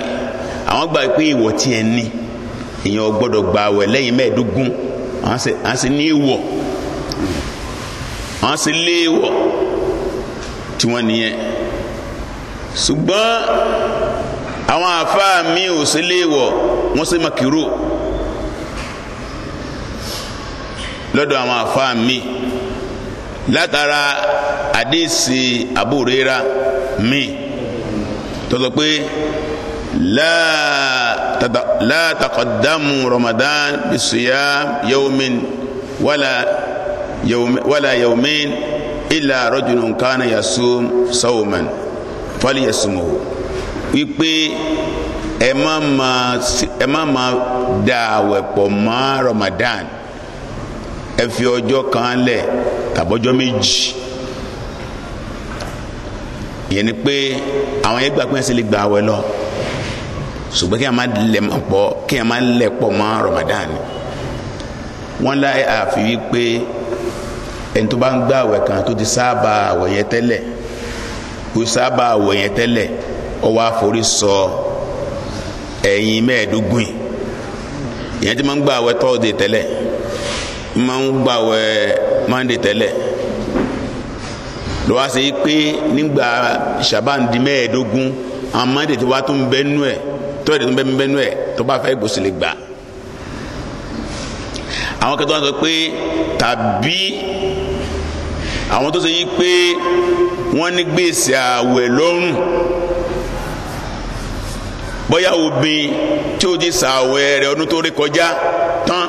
B: àwọn gba pé ìwọ tí ẹ ní èèyàn gbọ́dọ̀ gba àwẹ̀ lẹ́yìn mẹ́ẹ̀ẹ́dógún àwọn sì ní ìwọ àwọn sì lé ìwọ tí wọn nìyẹn ṣùgbọ́n àwọn àfáà mi ò sí lé ìwọ wọn sì makiru lọ́dọ̀ àwọn àfáà mi látara àdéhìsì àbúrera mi tó sọ pé la taqaddamu ramadan bisiyam yawmin wala yawmin wala yawmin illa rajulun kana yasum sawman falyasumuhu wípé ẹ má ma ẹ má ma da àwẹ̀ pọ̀ mọ́ ramadan ẹ fi ọjọ́ kan lẹ̀ tàbọ́jọ́ méjì ìyẹn ni pé àwọn yẹn gbà pé ẹsẹ̀ lè gba àwẹ̀ lọ ṣùgbọ́n kí a máa lẹ̀ pọ̀ kí a máa lẹ̀ pọ̀ mọ́ Ramadan wọ́n láyé àfi wípé ẹni tó bá ń gbà àwẹ̀ kan tó ti sábà àwẹ̀ yẹn tẹ́lẹ̀ kó sábà àwẹ̀ yẹn tẹ́lẹ̀ ó wá forí sọ ẹ̀yìn mẹ́ẹ̀ẹ́dógún ìyẹn ti máa ń gbà àwẹ̀ tọ́ọ̀dẹ̀ tẹ́lẹ̀ máa ń gbà àwẹ̀ mande tẹ́lẹ̀ ló wá ṣe pé nígbà Ṣàbáàn di mẹ́ẹ̀ẹ́dógún àwọn mande tó wá tó ń bẹ nú ẹ̀ tó ẹ̀ tó ń bẹ nú ẹ̀ tó bá fẹ́ gbòsì lè gbà àwọn kẹtọ́ wọn sọ pé tàbí àwọn tó ṣe pé wọ́n ní gbèsè àwẹ̀ lọ́rùn bóyá obìnrin tí ó ti ṣàwẹ̀ rẹ̀ ọdún tó rí kọjá tán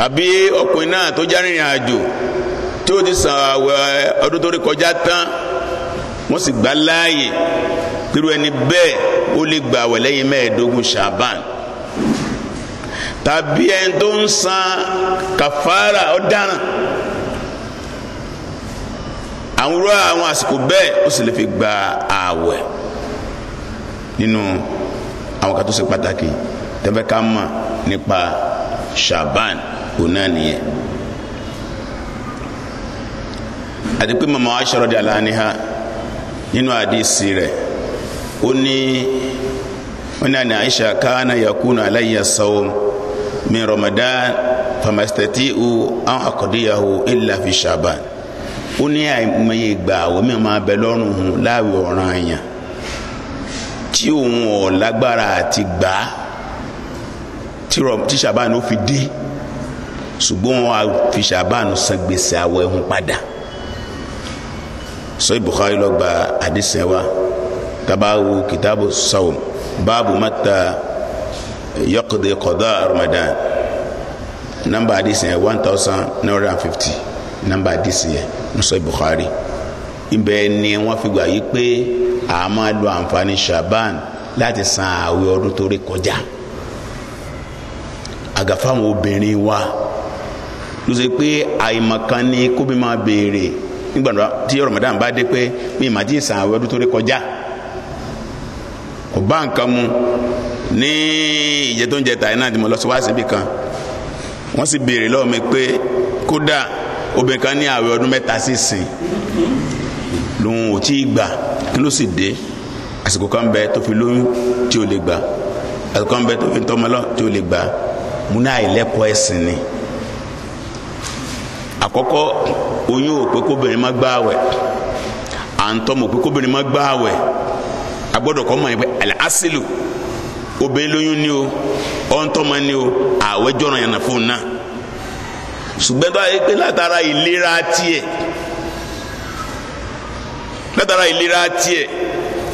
B: tàbí ọkùnrin náà tó járìnrìn àjò tí ó ti san àwẹ̀ ọdún tó rí kọjá tán wọ́n sì gbà láàyè pẹ̀lú ẹni bẹ́ẹ̀ ó lè gbà àwẹ̀ lẹ́yìn mẹ́ẹ̀ẹ́dógún ṣàbàn tàbí ẹni tó ń san kàfàrà ọ̀daràn àwọn irú àwọn àsìkò bẹ́ẹ̀ ó sì lè fi gba àwẹ̀ nínú àwọn kan tó ṣe pàtàkì tẹ́fẹ́ ká mọ̀ nípa ṣàbàn òun náà nìyẹn àti pé mama Aisha radiyallahu anha nínú àdìsí rẹ̀ ó ní wọn náà ní Aisha kana yakuna alayya sawm min Ramadan famastati'u an aqdiyahu illa fi Sha'ban ó ní àìmọye ìgbà àwọn mi máa bẹ lọ́rùn hun láàwẹ̀ ọ̀ràn àyàn tí òun ò lágbára àti gbà á tí Ṣàbáàn ó fi dé ṣùgbọ́n wọn á fi ṣàbánu san gbèsè àwẹ̀ ń padà sọ Bukhari ló gba àdìsẹ́ wa tabawo kitabu sawm baabu mata yọkùdé kọdọ Ramadan nọ́mbà àdìsẹ́ one thousand nine hundred and fifty nọ́mbà àdìsẹ́ sọ Bukhari ibẹ̀ ni wọ́n fi gbà yí pé a lo àǹfààní shaban láti san àwẹ̀ ọdún tó rí kọjá àgàfáwọn obìnrin wa tó ṣe pé àìmọ̀kan ni kóbi máa béèrè nígbàdàn tí Ramadan bá dé pé mi ìmọ̀ tí ìsàn àwọn ọdún tó rí kọjá kò bá nǹkan mu ní ìjẹ tó ń jẹ tàyẹ náà tí mo lọ sí wá síbi kan wọ́n sì béèrè lọ́wọ́ mi pé kódà obìnrin kan ní àwẹ̀ ọdún mẹ́ta sí sìn lòun ò tí ì gbà kí ló sì dé àsìkò kan bẹ tó fi lóyún tí ò lè gbà àsìkò kan bẹ tó fi tọmọ lọ tí ò lè gbà múná àìlẹ́kọ̀ọ́ ẹ̀sìn ni. àkọ́kọ́ oyún ò pé kóbìnrin má gbààwẹ̀ à ń tọ́ mọ̀ pé kóbìnrin má gbààwẹ̀ a gbọ́dọ̀ kọ́ mọ̀ ẹ̀ pé àlẹ́ àṣìlù obìnrin lóyún ni o ọ̀ǹtọ́mọ ni o àwẹ̀ jọ̀rọ̀ yànnà fún náà ṣùgbọ́n tó a yẹ pé látara ìlera tiẹ̀ látara ìlera tiẹ̀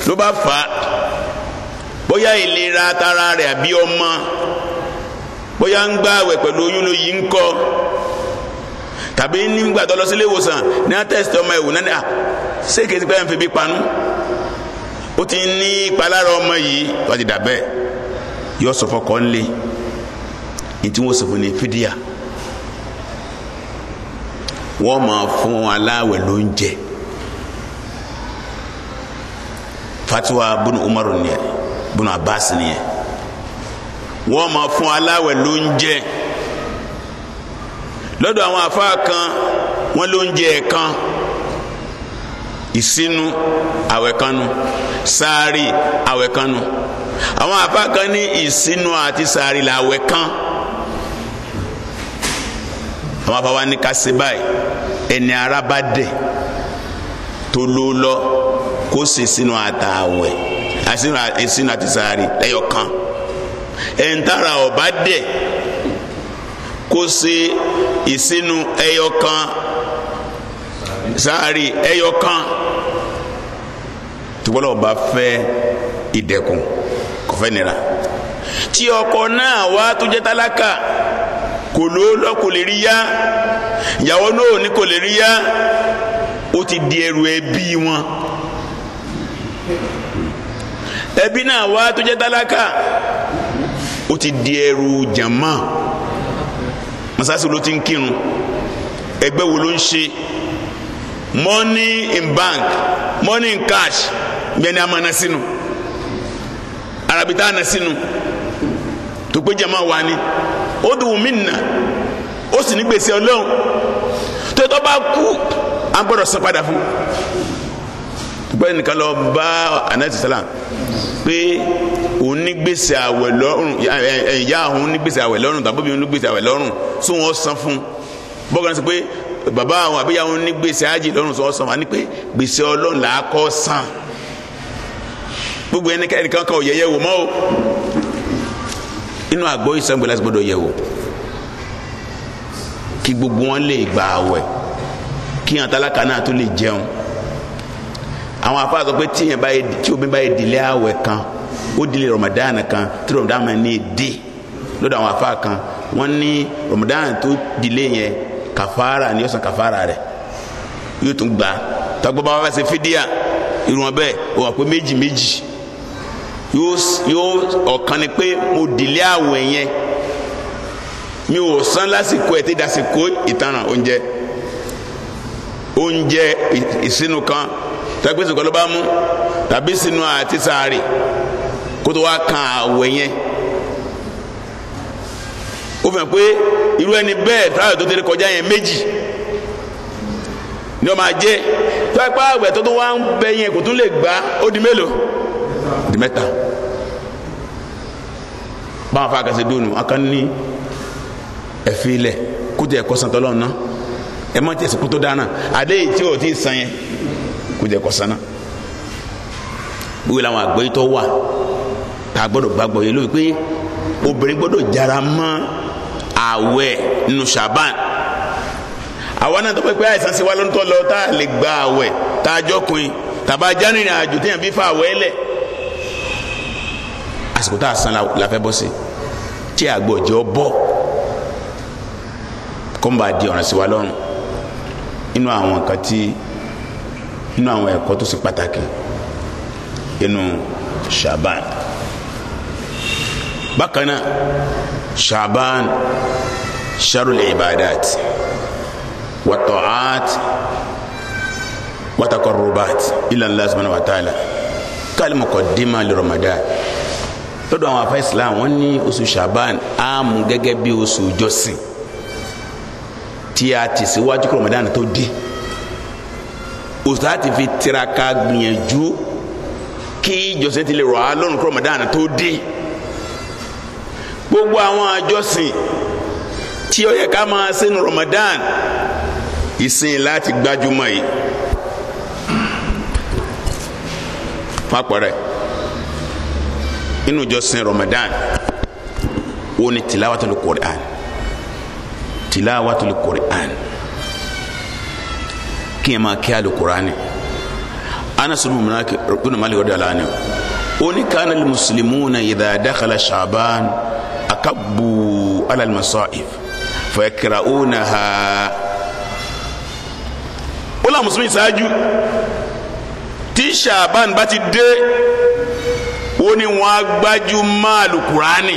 B: ló bá fà á bóyá ìlera tara rẹ̀ àbí ọmọ bóyá ń gbààwẹ̀ tàbí nígbà tó lọ sí ilé ìwòsàn ní wọn tẹ̀sítì ọmọ ìwò náà ah, ṣé kìí ti pẹ́ ń fi bí panú ó ti ní ìpalára ọmọ yìí wọ́n ti dà bẹ́ẹ̀ yọ sọ fọkọ ńlẹ̀ ní tí sọ fún ní fídíà wọ́n máa fún aláwẹ̀ lóúnjẹ fatiwa bunu umaru nìyẹn bunu abasi nìyẹn wọ́n máa fún aláwẹ̀ lóúnjẹ lọ́dọ̀ àwọn àfáà kan wọ́n ló ń jẹ ẹ̀kan ìsinu àwẹ̀kanu sáárì àwẹ̀kanu àwọn àfáà kan ní ìsinu àti sáárì làwẹ̀kan àwọn afáwa ní ká ṣe báyìí ẹni ara bá dẹ̀ tó ló lọ kó ṣe sínú àtàwẹ̀ àìsínú àti sáárì lẹ́yọ̀ kan ẹ̀ńtàrà ọ̀bá dẹ̀ kó ṣe ìsinu ẹyọkan sáárì ẹyọkan tubọlọ bá fẹ́ ìdẹ̀kùn kọfẹ nira tí ọkọ náà wá tó jẹ́ tálákà kò ló lọ kò lè rí yá ìyàwó náà ní kò lè rí yá ó ti di ẹrù ẹbí wọn ẹbí náà wá tó jẹ́ tálákà ó ti di ẹrù jàmáà masasi ló ti ń kírun ẹgbẹ́ wo ń ṣe money in bank money in cash bẹ́ẹ̀ni a máa na sínú arabita a na sínú tó pé jama wa ni ó dùn mí nà ó sì ní gbèsè ọlọ́run tó tó bá kú à ń san padà fún gbẹ́ni nìkan lọ bá anabi pé òun ní gbèsè àwẹ̀ lọ́rùn ìyá òun ní gbèsè àwẹ̀ lọ́rùn tàbí òun ní gbèsè àwẹ̀ lọ́rùn tí wọ́n san fún un bọ́ọ̀kan sọ pé bàbá àwọn àbíyá òun ní gbèsè ájì lọ́rùn tí wọ́n san fún un àní pé gbèsè ọlọ́run là á kọ́ san gbogbo ẹnikẹ́ni kan kan ò yẹyẹ wò mọ́ o inú àgbọ̀ ìsangbè láti gbọ́dọ̀ yẹ̀ kí gbogbo wọn lè gbà àwẹ̀ kí àwọn tálákà náà tó lè jẹun àwọn afáàsọ pé tí obìnrin bá yẹ dìlẹ́ àwẹ̀ kan ó délé rọmọdáàna kan tí rọmọdáàna ní dé lọ́dọ̀ àwọn afa kan wọ́n ní rọmọdáàna tó délé yẹn kàfàrà ni yóò kafara kàfàrà rẹ̀ yóò tún gbà tọgbọ́n bá wà fẹ́ ṣe fídíà ìrùn ọbẹ̀ ò wà pé méjì yóò ọ̀kan ni pé mo délé àwẹ̀ yẹn mi ò san lásìkò ẹ̀ tí dasìkò ìtanràn oúnjẹ oúnjẹ ìsinu kan tẹgbẹ́sìkò ló tàbí sinu àti sàárì kótó wá kan àwẹ̀ yẹn ó fẹ́ pé irú ẹni bẹ́ẹ̀ tíráyọ̀ tó tẹ̀lé kọjá yẹn méjì ni ó máa jẹ́ pẹ́pẹ́ àwẹ̀ tó tó wá ń bẹ yẹn kò tún lè gbà ó di mélòó di mẹ́ta báwọn afa àgàsẹ́ dónú akan ní ẹ̀fí ilẹ̀ kótó ẹ̀kọ́ santọ́ lọ́nà ẹ má tẹ̀sí kótó dáná àdé tí o ti san yẹn kótó ẹ̀kọ́ sanna gbogbo làwọn àgbẹ̀ tó wà tá a gbọ́dọ̀ gbàgbọ́ yẹ lóye pé obìnrin gbọ́dọ̀ jara mọ́ àwẹ̀ nínú Ṣàbán àwa náà tó pẹ́ pé àìsàn sí wa ló ń tọ́ lọ tá a lè gba àwẹ̀ tá a jọkùnrin tàbá jánìrìn àjò téèyàn fi fa àwẹ̀ àsìkò tá a san la fẹ́ bọ́ sí tí àgbọ̀jọ́ bọ́ kó n bá di ọ̀ràn sí wa lọ́rùn inú àwọn nǹkan tí inú àwọn ẹ̀kọ́ tó ṣe pàtàkì inú Ṣàbán bákan náà shaban sharul ibadat wa ta'at wa taqarrubat ila Allah subhanahu wa ta'ala kal muqaddima li ramadan lọ́dọ̀ àwọn afa islam wọ́n ní oṣù shaban àmú gẹ́gẹ́ bí oṣù jọ́sìn tí a ti síwájú kúrò ramadan tó dé oṣù fi tiraka gbìyànjú kí jọ́sìn ti lè rọ̀ á lọ́rùn ramadan tó dé gbogbo àwọn àjọsìn tí ó yẹ ká máa ṣe ní Ramadan ìsìn láti gbájúmọ̀ yìí pápẹ́rẹ́ inú ìjọsìn Ramadan ó ní tilawatul Qur'an tilawatul Qur'an kí ẹ máa kí alu Qur'ani Anas bin Malik radiyallahu anhu ó ní kana al-muslimuna idha dakhala Sha'ban. استكبوا على المصائب فيقرؤونها ó láwọn mùsùlùmí ṣáájú tí ṣàbán bá ti dé ó ní wọn á gbájú máa lùkùránì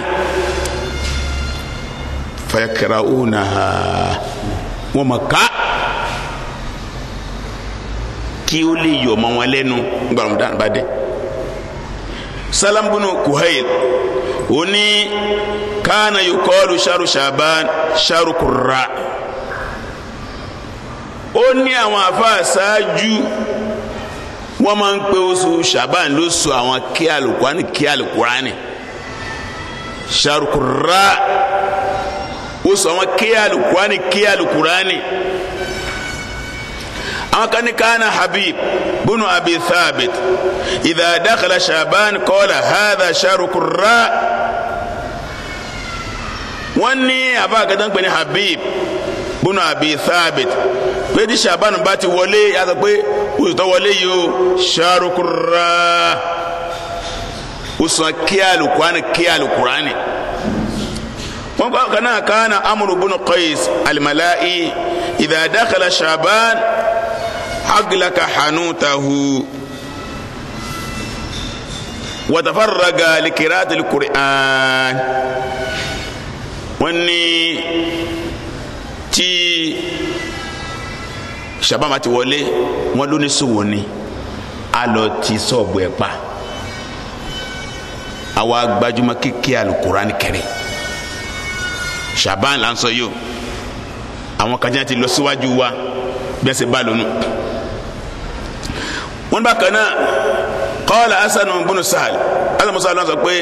B: fayaqra'unaha wọn mọ̀ ká kí ó lè yọ̀ mọ́ wọn lẹ́nu gbàrúndà bá dé salam bunu kuhail ó ní kana yukọlu sharu shaban sharu kurra ó ní àwọn àfáà ṣáájú wọ́n máa ń pe oṣù shaban ló sọ àwọn kí alukurani kí alukurani sharu ó sọ àwọn kí alukurani kí alukurani àwọn kan ní kánà habib bunu abi thabit idha dakhala shaban qala hadha sharu qurra wọ́n ní àbá àgàtàn pé ní habib bunu abi thabit pé tí shaban bá ti wọlé yàtọ̀ pé oṣù tó wọlé yìí o sharu qurra oṣù kí alukurani kí alukurani wọn kọ́ kana kana amru bunu qais almalai idha dakhala shaban agilaka hanutahu watafarraga likirati alquran wọ́n ní tí shabama ti wọlé wọ́n ló ní sòwò ni a lọ ti sọọbù ẹ pa àwa gbajúmọ̀ kékeré alukurani kẹrẹ shaban lansọ yìí o àwọn kan ti lọ síwájú wa bí wọ́n lónìí wọn bá kan náà kọ́ọ̀lá asanu bunu sahal asanu musa lọ́nà sọ pé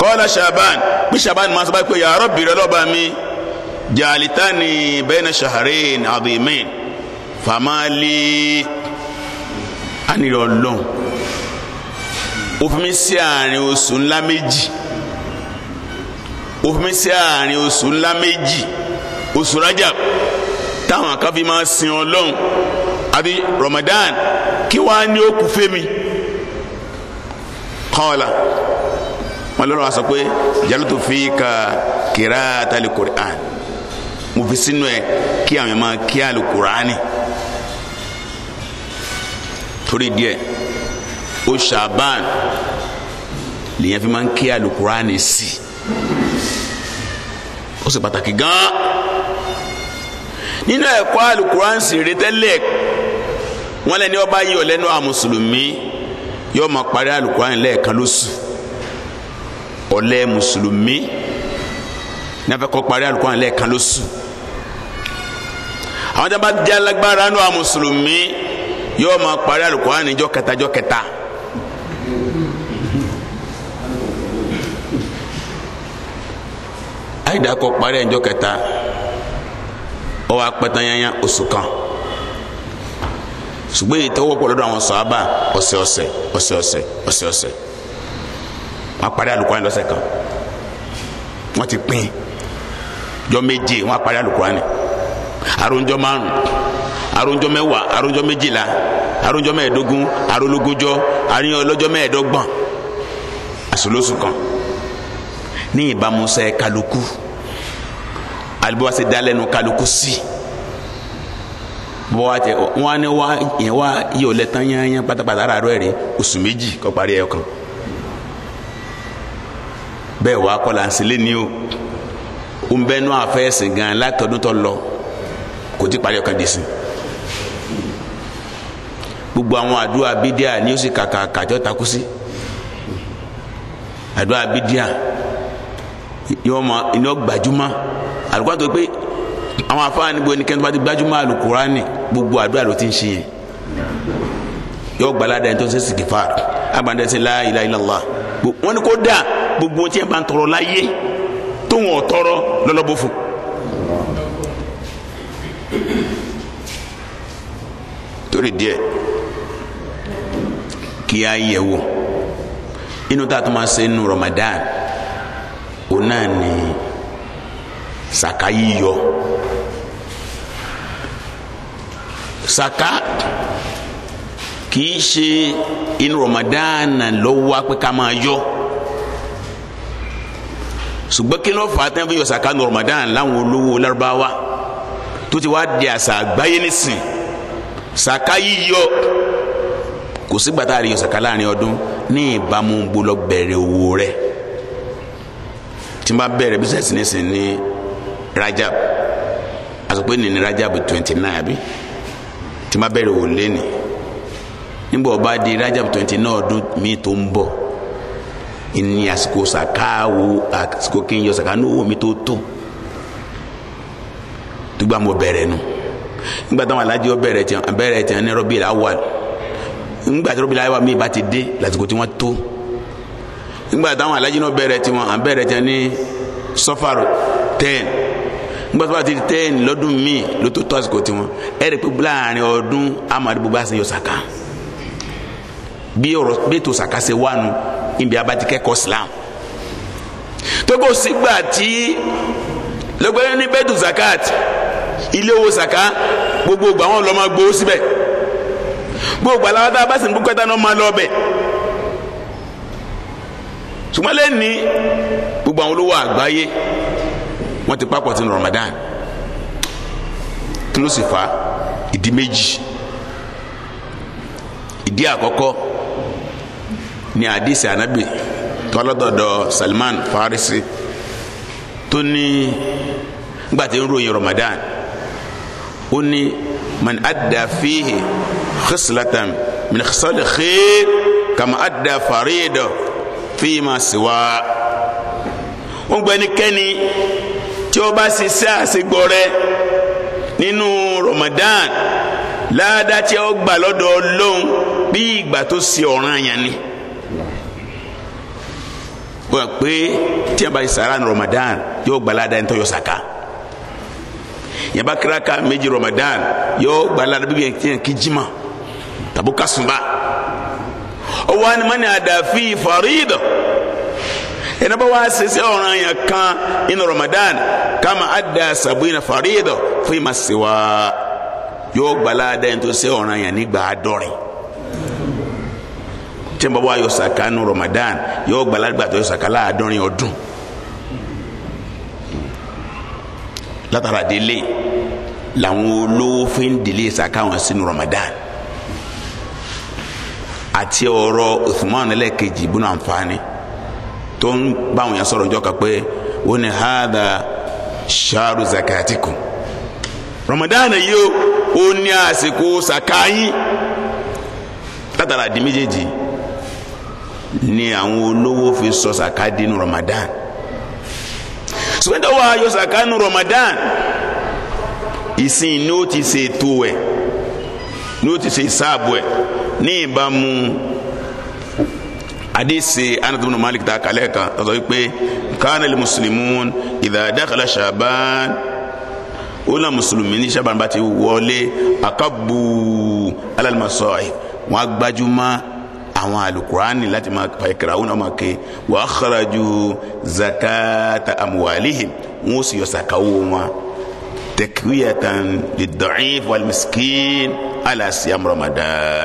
B: kọ́ọ̀lá shaban bí shaban máa sọ pé ya Rabbi rẹ lọ́ba mi jalitani bayna shahrain adimain famali anìrọ̀ lọ́n òfin mi sí àárín oṣù ńlá méjì òfin mi sí àárín oṣù ńlá méjì oṣù Rajab táwọn kan máa sin Ọlọ́run àbí Ramadan kí wàá ní ó kú fẹ́mi kọ́ọ̀là wọn lọ́rọ̀ wá sọ pé jalotu fi ka kira tali Qur'an mo fi sínú ẹ kí àwọn ẹ̀ma kí àlù Qur'ani torí díẹ̀ ó ṣàbán lèyàn fi máa ń kí àlù Qur'ani si, ó sì pàtàkì gan-an nínú ẹ̀kọ́ àlù Qur'ani sì retẹ́lẹ̀ wọn lẹni ọba yọ lẹ́nu àwọn mùsùlùmí yóò máa parí alukurani lẹ́ẹ̀kan lóṣù ọlẹ mùsùlùmí n'afẹ kọ parí alukurani lẹ́ẹ̀kan lóṣù àwọn tí wọn bá di alágbára nù àwọn mùsùlùmí yóò máa parí alukurani jọ́ kẹta jọ́ kẹta. àyídà kọ parí ẹjọ́ kẹta ọwọ apẹtanyanya oṣù kan ṣùgbọ́n èyí tẹ́wọ́ pọ̀ lọ́dọ̀ àwọn sọ̀hábà ọ̀sẹ̀ọ̀sẹ̀ ọ̀sẹ̀ọ̀sẹ̀ ọ̀sẹ̀ọ̀sẹ̀ wọ́n parí alukurani lọ́sẹ̀ kan wọ́n ti pín jọ méje wọ́n parí alukurani aronjọ márùn aronjọ mẹ́wàá aronjọ méjìlá aronjọ mẹ́ẹ̀ẹ́dógún arológójọ aríyan ọlọ́jọ mẹ́ẹ̀ẹ́dọ́gbọ̀n àsolóṣù kan ní ìbámu sẹ́ kálukú alibọ́sẹ̀ dálẹ́nu kálukú sí. Si bọ́ wa tẹ wọn ni wa yẹn wa yẹ ọ lẹ́tàn yányán pátápátá ara rẹ̀ rẹ̀ oṣù méjì kọ́ parí ẹ̀ kan bẹ́ẹ̀ wá kọ́ la ń sílé ní o ń bẹ́ nú àfẹ́sìn gan látọdún tó lọ kò tí parí ọkàn dìsìn gbogbo àwọn àdúrà bídíà ni ó sì kàkà kàjọ takú sí àdúrà bídíà yọọ ma ìní ọgbàjúmọ́ àdúgbò àti pé àwọn afáàní gbogbo ẹnikẹ́ni tó bá ti gbájúmọ́ alukurani gbogbo àdúrà ló ti ń ṣe yẹn yóò gbala da ẹni tó ń ṣe sìgìfà agbada ṣe la ilaha illallah wọn ni kò da gbogbo tí bá ń tọrọ láyé tó wọn tọrọ lọlọbó torí díẹ̀ kí a yẹ wò inú tá a tó máa ṣe nínú Ramadan òun náà ni sàkáyí yọ. saka kì í ṣe inú Ramadan ló wá pé ká máa yọ ṣùgbọ́n kí ló fà á tẹ́ fi yọ saka ní Ramadan láwọn olówó Lárúbáwá tó ti wá di àṣà àgbáyé nísìn saka yíyọ kò sígbà tá a lè yọ saka láàrin ọdún ní ìbámu gbólọ bẹ̀rẹ̀ owó rẹ̀ tí n bá bẹ̀rẹ̀ bísẹ̀sì nísìn ní Rajab a sọ pé ní ní Rajab twenty nine àbí tí ma bẹ̀rẹ̀ wò lẹ́nu nígbà ọba di rajab twenty náà ọdún mi tó ń bọ̀ ìní àsìkò sàkáwò àsìkò kí n yọ sàkáwò owó mi tó tó dùgbà mo bẹ̀rẹ̀ nu nígbà táwọn alájí bẹ̀rẹ̀ tiẹ̀ bẹ̀rẹ̀ tiẹ̀ ní rọ́bì làwà nígbà tí rọ́bì làwà mi bá ti dé lásìkò tí wọ́n tó nígbà táwọn alájí náà bẹ̀rẹ̀ tiwọn bẹ̀rẹ̀ tiẹ̀ ní sọ́fàrò tẹ́ẹ̀ gbọ́dọ̀ bá ti di ten lọ́dún míì ló tó tó àsìkò tiwọn ẹ rí i pé láàrin ọdún amadu bá ṣe yọ sàká bí ọ̀rọ̀ bí ètò sàká ṣe wà nù ibi abati kẹ́kọ̀ọ́ Islam tó sígbà tí lọ́gbẹ́rẹ́ ní bẹ́ẹ̀dù zakat ilé owó sàká gbogbo ìgbà wọn lọ máa gbowó síbẹ̀ gbogbo àlàáfíà tá a bá sì ń náà máa lọ ọbẹ̀ ṣùgbọ́n lẹ́ni gbogbo àwọn olówó àgbáyé wọ́n ti pápọ̀ sínú Ramadan kí ló sì fa ìdí méjì ìdí àkọ́kọ́ ni àdìsí anabi tọ́lọ́dọ̀dọ̀ Salman Farisi tó ní nígbà tí ń ròyìn Ramadan ó ní man adda fihi khislatan min khisali khair kama adda farida fima siwa ó ń gbẹ́nikẹ́ni tí ó bá ṣe sí àṣegbọ́ rẹ nínú Ramadan láàdá tí ó gbà lọ́dọ̀ Ọlọ́hun bí ìgbà tó ṣe ọ̀ranyàn ni wọ́n pé tí a bá ṣe sàrà ní Ramadan yóò gbà láàdá ẹni tó yọ sàká méjì Ramadan yóò gbà láàdá bí yẹn kí jimá tàbí kásùnbà ọwọ́ ni mọ́ni àdàfi fàrídọ̀ ẹni bá se sẹsẹ ọ̀ràn yẹn kan inú Ramadan kama adda sabuina farido fi masiwa se wa yóò gbala dẹ́yìn tó sẹ ọ̀ràn yẹn nígbà dọ́rin tí n bá wá yọ sàkà Ramadan yóò gbala gbà to yọ sàkà láàdọ́rin ọdún látara délé làwọn olówó fi ń délé sàkà wọn sínú Ramadan àti ọ̀rọ̀ Uthman ẹlẹ́kejì ibùnà ànfààní tó ń báwọn yẹn sọ̀rọ̀ njọ́ kan pé ó ní hada ṣaaru zakatikum Ramadan yìí ó ní àsìkò sàkáyí látara di méjèèjì ni àwọn olówó fi sọ sàkáyí nu Ramadan sùgbọ́n wa yọ sàkáyí nu Ramadan ìsìn ni ó ti ṣe ètò ẹ̀ ni ó ti ṣe ìsáàbò ẹ̀ ní ìbámu hadisi Anas bin Malik ta kalẹ̀ kan tọ́sọ̀ wípé kánàlì muslimun idha dakhala ṣàbán ọ̀là mùsùlùmí ní ṣàbán bá ti wọlé àkàbù alálùmọ̀sọ̀ wọn gbajúmọ̀ àwọn alukurani láti máa pàkìrà wọn máa ké wà á kharaju zakata amuwalihim wọn ó sì yọ sàkáwó wọn tẹkíyàtàn lid-da'if wal Ramadan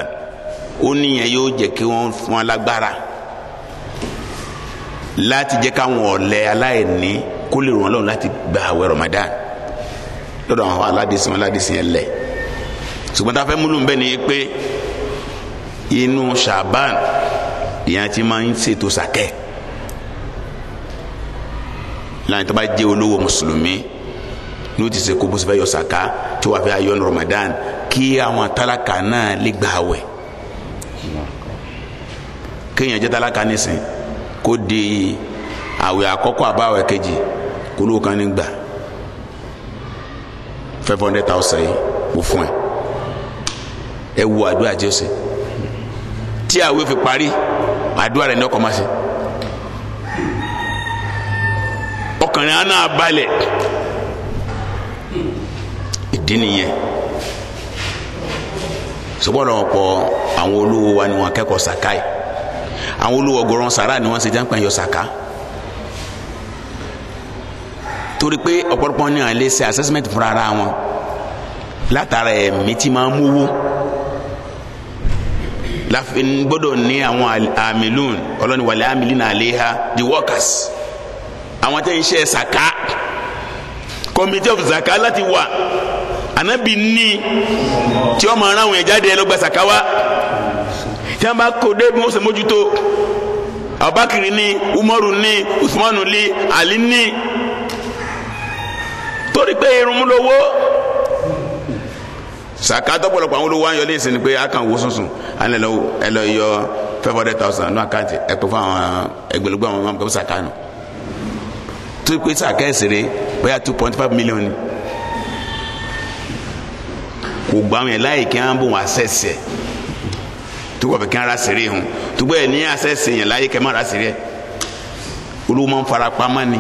B: ó níyẹn yóò jẹ kí wọn fún alágbára láti jẹ́ káwọn ọ̀lẹ aláìní kó lè ràn lọ́rùn láti gba àwẹ̀ Ramadan lọ́dọ̀ àwọn aládìsí wọn aládìsí yẹn lẹ̀ ṣùgbọ́n tá a fẹ́ múlò ń bẹ́ ni pé inú Ṣàbán ìyẹn ti máa ń ṣètò sàkẹ́ láyìn tó bá jẹ́ olówó mùsùlùmí ní o ti ṣe kó bó ṣe fẹ́ yọ sàká tí wàá fẹ́ ayọ́ ní Ramadan kí àwọn tálákà náà lè gba àwẹ̀ kéèyàn jẹ́ tálákà nísìnyí kó di àwẹ̀ àkọ́kọ́ àbáwẹ̀ kejì kó ló kan ní gbà five hundred thousand yìí mo fún ẹ ẹ wo àdúrà tí ó ṣe tí àwẹ̀ fi parí àdúrà rẹ̀ ní ọkọ̀ máa ọkùnrin àná balẹ̀ ìdí nìyẹn sọgbọ́n lọ́wọ́ àwọn olówó wa ni wọ́n akẹ́kọ̀ọ́ sàkáì. So, àwọn olówó ọgọrùn sàrà ni wọ́n ṣe jáǹpà yọ sàká torí pé ọ̀pọ̀lọpọ̀ ní àwọn ṣe assessment fúnra ara wọn látara ẹ̀mí tí máa ń mówó láfin gbọ́dọ̀ ní àwọn àmìlún ọlọ́niwàlẹ̀ àmìlín àléha the workers àwọn tẹ́ ń ṣe ṣàká committee of zaka láti wà ànábì ní tí wọ́n máa ń ráwọn ẹ̀ jáde ẹ lọ́gbà ṣàká wá tí wọ́n bá kó dé bí wọ́n ṣe mójútó abakiri ni umaru ní usmanu ní ali ní torí pé irun mú lówó sàkátọ́ pọ̀lọpọ̀ àwọn olówó ayọ̀lẹ́ ìsìn ni pé a kàn wó sùnsùn alẹ́ lọ ẹ lọ yọ five hundred thousand ní àkáǹtì ẹ pẹ́ fún àwọn ẹgbẹ̀lógún àwọn ọmọ sàkà nù tó pé sàkà ẹ̀sẹ̀rẹ̀ bóyá two point five million ni kò gbà wọn yẹn láì kí wọn bò wọn àṣẹṣẹ tó wà fẹ́ kí n ara sèré hàn tó gbẹ́ ní àṣẹ̀ṣe yẹn láyé kẹ́ má ara sèré ẹ̀ olówó máa ń fara pamọ́ ni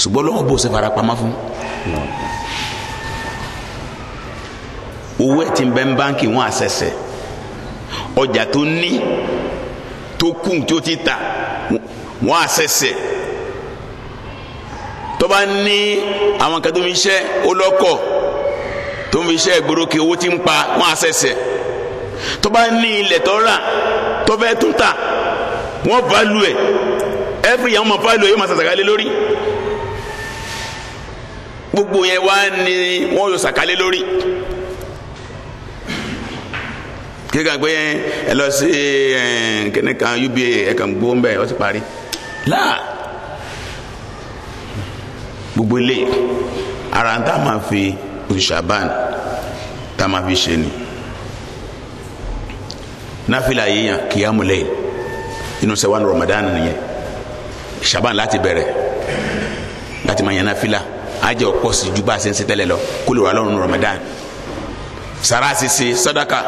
B: ṣùgbọ́n lọ́wọ́ bó ṣe fara pamọ́ fún owó ẹ̀ ti ń bẹ́ ń báńkì wọn àṣẹ̀ṣẹ̀ ọjà tó ní tó kù tó ti ta wọn àṣẹ̀ṣẹ̀ tó bá ní àwọn kan tó fi ṣe ó tó fi ṣe ìgboro kí owó ti ń pa wọn àṣẹ̀ṣẹ̀ tó bá ní ilẹ̀ tó rà tó fẹ́ tún tà wọ́n value ẹ̀ every yẹn wọ́n máa value ẹ̀ yóò máa ṣàṣàkálẹ̀ lórí gbogbo yẹn wá ní wọ́n yóò ṣàkálẹ̀ lórí kíkà pé ẹ lọ sí kíní kan uba ẹ kàn gbó ń ọ ti parí láà gbogbo ilé ara ń tá a máa fi oṣù ṣàbàn tá a máa fi ṣe ni. Nafila yìí yàn kìyàmù lẹ́yìn inú sẹ́wọ́n Ramadan nìyẹn Shaban láti bẹ̀rẹ̀ lati máa yàn náfìlà ajẹ́ ọ̀pọ̀ sí ju bá a ṣe ń ṣe tẹ́lẹ̀ Ramadan sàrà ṣíṣe sadaka.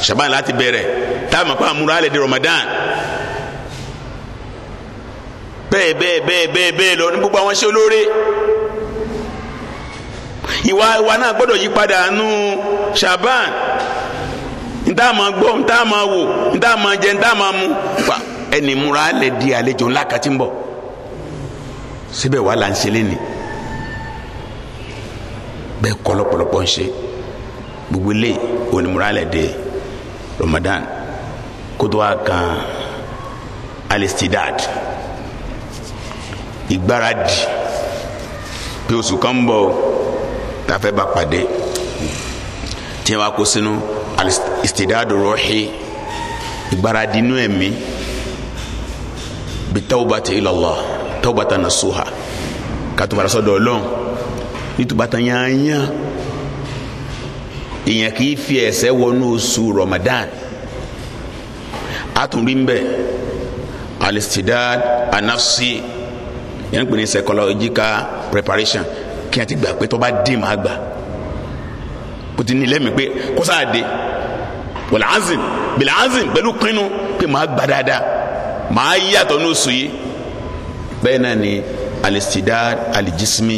B: Shaban láti bẹ̀rẹ̀ táàmù pa àmúra alẹ́ di Ramadan bẹ́ẹ̀ bẹ́ẹ̀ bẹ́ẹ̀ bẹ́ẹ̀ bẹ́ẹ̀ lọ ní gbogbo àwọn ṣe olóore ìwà ìwà náà gbọ́dọ̀ yí padà nù Shaban ntá máa gbọ́ ntá máa wò ntá máa jẹ ntá mu fa ẹni múra lè di àlejò ńlá kan tí ń bọ̀ síbẹ̀ wà là ń ṣe lẹ́ni bẹ́ẹ̀ kọ́ lọ́pọ̀lọpọ̀ ń ṣe gbogbo ilé Ramadan kótó wa kan alistidad ìgbáradì pé oṣù kan ń bọ̀ tá a tí wàá kó sínú istidadu ruhi ìgbáradì inú ẹ̀mí bi tawbati ilallah tawbatan nasuha kàtúbàrà sọ́dọ̀ Ọlọ́run nítubàtà yányá èèyàn kì í fi ẹ̀ṣẹ̀ wọnú oṣù Ramadan àtúndì ń bẹ alistidad anafsi yẹn ń pè ní psychological preparation kí n ti gbà pé tó bá dé màá gbà o ti ní lẹ́mìí pé kọ́sáàdé wọ̀láhánzìn bìláhánzìn pẹ̀lú pinnu pé màá gba dáadáa màá yàtọ̀ ní oṣù yìí bẹ́ẹ̀ náà ni alẹ́sìdá alìjísímì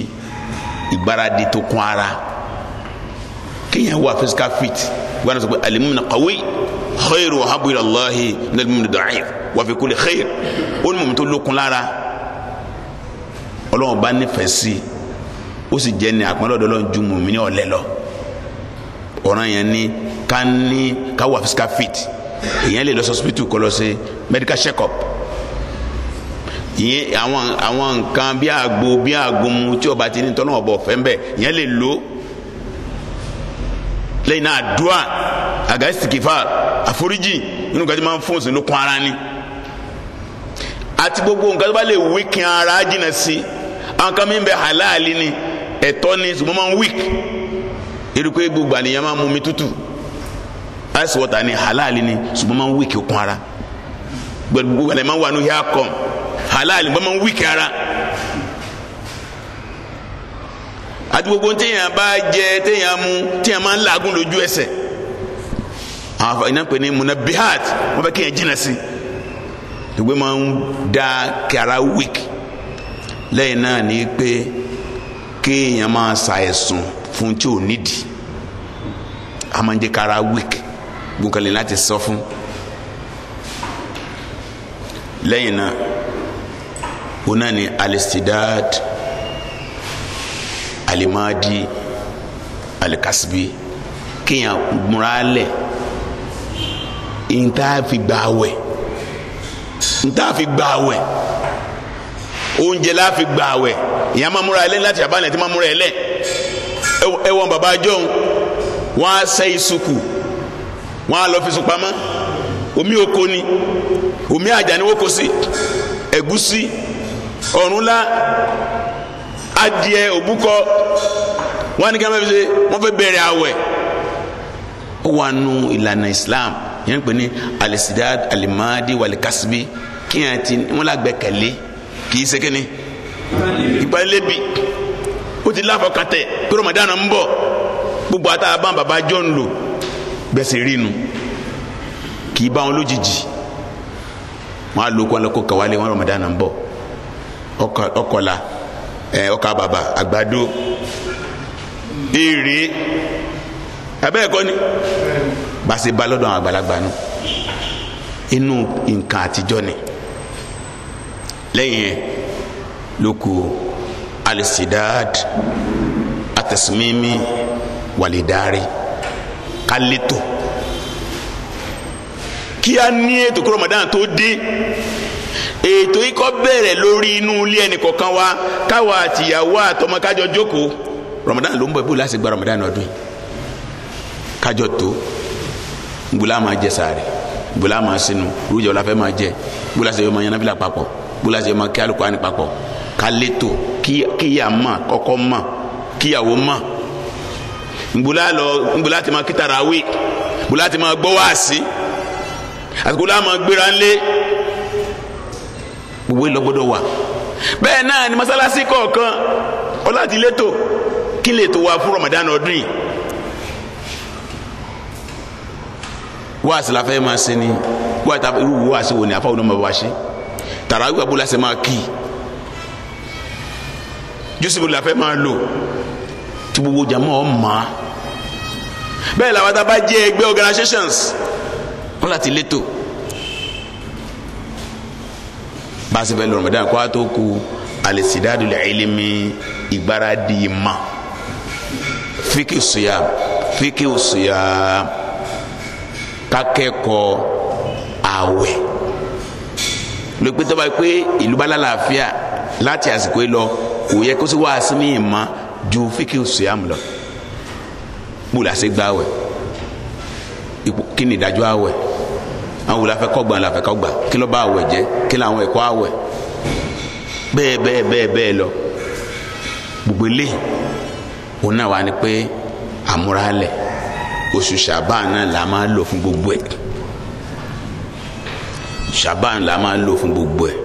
B: ìgbáradì tó kún ara kéèyàn wà physical fit wọn sọ pé alimuna kọ̀wé xeyir wa habu ilallahi nalimuna dọ̀ọ́yìn wà fi kúlẹ̀ xeyir ó ní mọ̀mí tó lókun lára ọlọ́run bá nífẹ̀ẹ́ sí ó sì jẹ́ ní àpọ́nlọ́dọ́ lọ́n ju mọ̀mí ní ọ̀lẹ́ lọ ọ̀ràn yẹn ni ká ní ká wà physical fit ìyẹn lè lọ sọ́sibítù kọ́ medical check up ìyẹn àwọn àwọn nǹkan bí àgbo bí àgbomu tí ọba ti ní tọ́nà ọ̀bọ̀ fẹ́ ń bẹ̀ ìyẹn lè lò lẹ́yìn náà àdúrà àgàsìkìfà àforíjì nínú nǹkan tí máa ń fún òsín ló kún ara ni àti gbogbo nǹkan tó bá lè wíkì ara jìnnà sí àwọn kan mi ń bẹ halali ni ẹ̀tọ́ ni ṣùgbọ́n máa ń wíkì irú pé gbogbo àníyàn máa mú mi tútù ice water ni halali ni ṣùgbọ́n máa ń wíkì okun ara gbogbo àníyàn máa wà ní hair com halali bá máa ń wíkì ara àti gbogbo téèyàn bá jẹ téèyàn mú téèyàn máa ń làágùn lójú àwọn afa iná pè ní munabihat wọn fẹ́ kéèyàn jìnnà sí ìgbé máa ń da kara wíkì lẹ́yìn náà ni pé kéèyàn máa ṣàìsùn fún tí ò nídìí a máa ń jẹ́ kára week gbọ̀ngànlẹ̀ láti sọ fún lẹ́yìn náà ó náà ní alistidad alimadi alikasibi kéèyàn múra lẹ̀ nta fi gba àwẹ̀ nta fi gba àwẹ̀ oúnjẹ la fi gba àwẹ̀ ìyá máa múra ẹlẹ́ láti àbálẹ̀ tí máa múra ẹlẹ́ ẹwọ́n bàbá jọ̀hún wọ́n á sẹ́ ìsukù wọ́n á lọ fi supamọ́ omi oko ni omi àjà ni wọ́n kó sí ẹ̀gúsí ọ̀rúnlá adìẹ òbúkọ wọ́n á ní kí wọ́n fẹ́ ṣe wọ́n fẹ́ ó wà nù ìlànà Islam yẹn ń pè ní alisidad alimadi walikasibi kí yẹn ti wọn lágbẹ́kẹ̀lé kì í ṣe kíni ìgbàlẹ́bi ó ti láfọkàtẹ̀ pé Ramadan ń bọ̀ gbogbo àtàwọn abá bàbá John lo gbẹ̀sẹ̀ rínu kì í bá wọn lójijì wọn á lo kó wọn lọ kó kàwálé wọn Ramadan ń bọ̀ ọkọlá ọkà bàbà àgbàdo èrè abẹ́ẹ̀kọ́ ni bá a ṣe bá lọ́dọ̀ àwọn àgbàlagbà nù inú nǹkan àtijọ́ ni lẹ́yìn yẹn ló kù alisidad atẹ̀símímí wàlídàárẹ kálẹtò kí a ní ètò kí Ramadan tó dé ètò ikọ̀ bẹ̀rẹ̀ lórí inú ilé ẹnì kọ̀ọ̀kan wa káwa àtìyàwó àtọmọ kájọ jókòó Ramadan ló ń bọ̀ ibú láti gba Ramadan ọdún yìí kájọ tó gbọ́lá máa jẹ sáré gbọ́lá máa sínú rújọ la fẹ́ máa jẹ gbọ́lá sẹ́yọ́ máa yanáfìlà papọ̀ gbọ́lá sẹ́yọ́ máa kí alùpùpù àní papọ̀ kálẹ́tò kíyà mọ̀ kọ́kọ́ mọ̀ kíyàwó mọ̀ nbula lọ nbula ti ma kitarawe nbula ti ma gbọ́ waasi àsìkò la ma gbéra ńlé gbogbo yìí ló gbọ́dọ̀ náà ni masalasi kọ̀ọ̀kan ọláti létò kí lè tó wa fún Ramadan ọdún yìí waasi la fẹ́ ma ṣe ni waata irú waasi wo ni afa wọn ma wa ṣe tarawe abúlé ase ma kì í joseph la fẹ́ ma lò tí jama ọ̀ máa bẹ́ẹ̀ làwọn tá a bá jẹ́ ẹgbẹ́ organizations wọ́n láti létò bá a sì fẹ́ lọ Ramadan kó a tó ku alisidadul ilimi ìgbáradì ìmọ̀ fíkì suyam fíkì suyam kakẹ́kọ̀ọ́ àwẹ̀ lópin tó bá yẹ pé ìlú bá lálàáfíà láti àsìkò yìí lọ kò yẹ kó sì wá sí ní ìmọ̀ ju fíkì suyam lọ bó la ṣe gba àwẹ̀ kí ni ìdájọ́ àwẹ̀ àwọn wòlá fẹ́ kọ́ gbà la fẹ́ kọ́ gbà kí ló bá àwẹ̀ jẹ́ kí làwọn ẹ̀kọ́ àwẹ̀ bẹ́ẹ̀ bẹ́ẹ̀ bẹ́ẹ̀ bẹ́ẹ̀ lọ gbogbo ilé òun náà wà ní pé àmúralẹ̀ oṣù ṣàbáà náà la máa lò fún gbogbo ẹ̀ ṣàbáà la máa lò fún gbogbo ẹ̀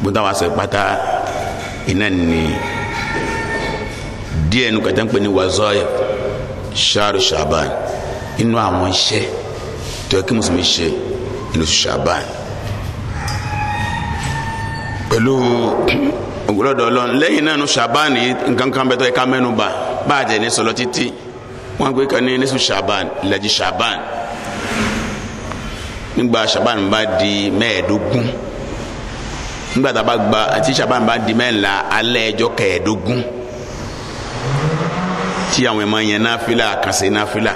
B: gbọ́dọ̀ wá sọ pátá iná ni díẹ̀ nu kàtà ń pè ní wàzọ́yà ṣáàrù ṣàbàn inú àwọn iṣẹ́ tó yẹ kí mùsùlùmí ṣe inú oṣù ṣàbàn pẹ̀lú ògbólọ́dọ̀ ọlọ́run lẹ́yìn náà nu ṣàbàn nǹkan kan bẹ́tọ̀ ẹ̀ka mẹ́nu bà bá a jẹ́ ní sọlọ títí wọ́n gbé kan ní nísù ṣàbàn ìlàjì ṣàbàn nígbà ṣàbàn bá di mẹ́ẹ̀ẹ́dógún nígbà tá a bá gba àti ṣàbàn bá di mẹ́ẹ̀ẹ́la alẹ́ ẹjọ́ kẹẹ̀ẹ́dógún tí àwọn ẹ̀ máa yẹn náfìlà àkànṣe náfìlà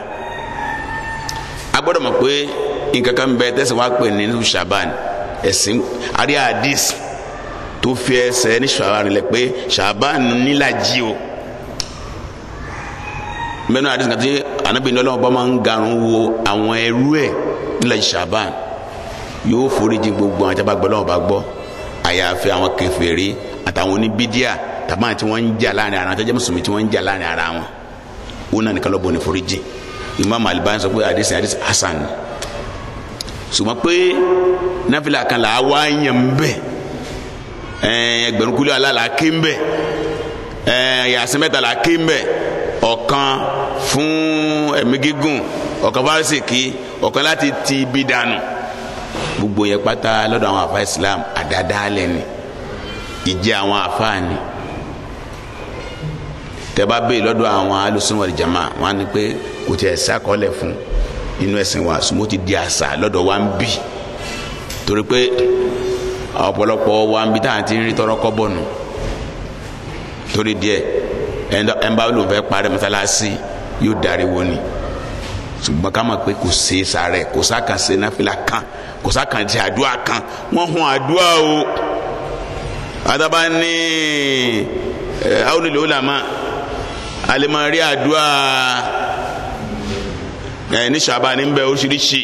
B: a gbọ́dọ̀ mọ̀ pé nǹkan kan bẹ tẹ̀sán wa pè ní ṣàbàn ẹ̀sìn àrí àdìs tó fi ẹsẹ̀ ní ṣàbàn rẹ̀ pé ṣàbàn nílàjì o mẹ́nu àdìs kan tí anábìyẹn lọ́wọ́ bá máa ń garun wo àwọn ẹrú ẹ̀ nílàjì ṣàbàn yóò foríjì gbogbo àwọn tábàgbọ́ lọ́wọ́ bá gbọ́ àyàfi àwọn kèfèrí àtàwọn oníbídíà tàbí àwọn tí wọ́n ń jà láàrin ara wọn àtẹ́jẹ́ mùsùlùmí tí wọ́n ń jà láàrin ara wọn òun náà nìkan lọ́bọ̀ ní foríjì Imam Albani sọ pé àdìsí àdìsí hasan ṣùgbọ́n pé náfìlà kan là á wá yàn bẹ́ ẹgbẹ̀rún kúlẹ̀ alá là á ké bẹ́ yàsí mẹ́ta là á fún ẹ̀mí gígùn ọ̀kan fárísìkì ọ̀kan láti ti ibi gbogbo yẹn pátá lọ́dọ̀ àwọn àfa Islam àdáadáa lẹ́ni ìjẹ́ àwọn àfa ni tẹ́bá bẹ́ẹ̀ lọ́dọ̀ àwọn alùsùn wal jama wọn á ní pé kò tẹ̀ sákọ́lẹ̀ fún inú ẹ̀sìn wa sùnmọ́ ti di àṣà lọ́dọ̀ wa ń bì torí pé ọ̀pọ̀lọpọ̀ wa ń bi tá à ń ti rí tọrọ kọ́ bọ̀nù torí díẹ̀ ẹnba ló fẹ́ parẹ́ mọ́sálásí yóò darí wo ni ṣùgbọ́n ká mọ̀ pé kò ṣe é sàrẹ̀ kò sákàn ṣe náfìlà kan kò sákàn ṣe àdúrà kan wọ́n hun àdúrà o adaba ní ẹ awolowó làmá. alimari àdúà ẹ n'i saba n'i bẹ oríṣiríṣi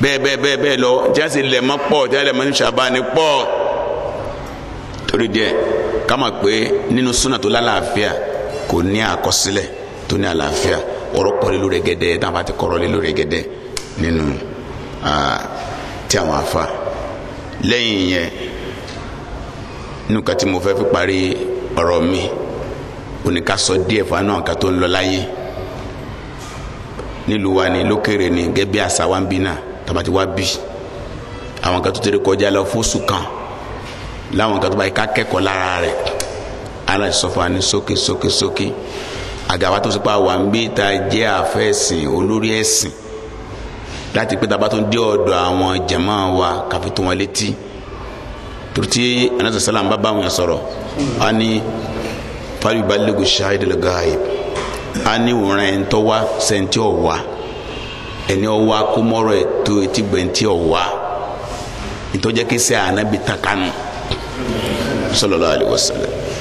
B: bẹ́ẹ̀ bẹ́ẹ̀ bẹ́ẹ̀ bẹ́ẹ̀ lọ jẹsi lẹmọ pọ̀ ní saba n'i pọ̀ torí díẹ̀ kama pé nínú súnà tó lálàáfíà kò ní àkọsílẹ̀ tó ní àlàáfíà ọ̀rọ̀ ó ní ká sọ díẹ̀ fún àwọn kan tó ń lọ láyé nílùú wa ni lókèrè ni gẹ́gẹ́ bí àṣà wa ń bí náà tabati wa bí àwọn kan tó ti rí kọjá lọ fóṣù kan láwọn kan tó bá yẹ ká kẹ́kọ̀ọ́ lára rẹ̀ aláṣẹ sọ wa ní sókè sókè sókè àgàwá tó sọpá wà ń bí ta jẹ́ àfẹ́sìn olórí ẹ̀sìn láti pé taba tó ń dé ọ̀dọ̀ àwọn jàmá wa káfí tó wọn létí turuti anasa salam bá bá wọn sọ̀rọ̀ wọn ni fari balegu shahid al-ghaib ani wòran ẹni tó wá sẹńtì ọwá ẹni ọwá kó mọrọ ẹ tó etí gbẹǹtì ọwá ìtọjẹ kí sẹ takanu sallallahu alaihi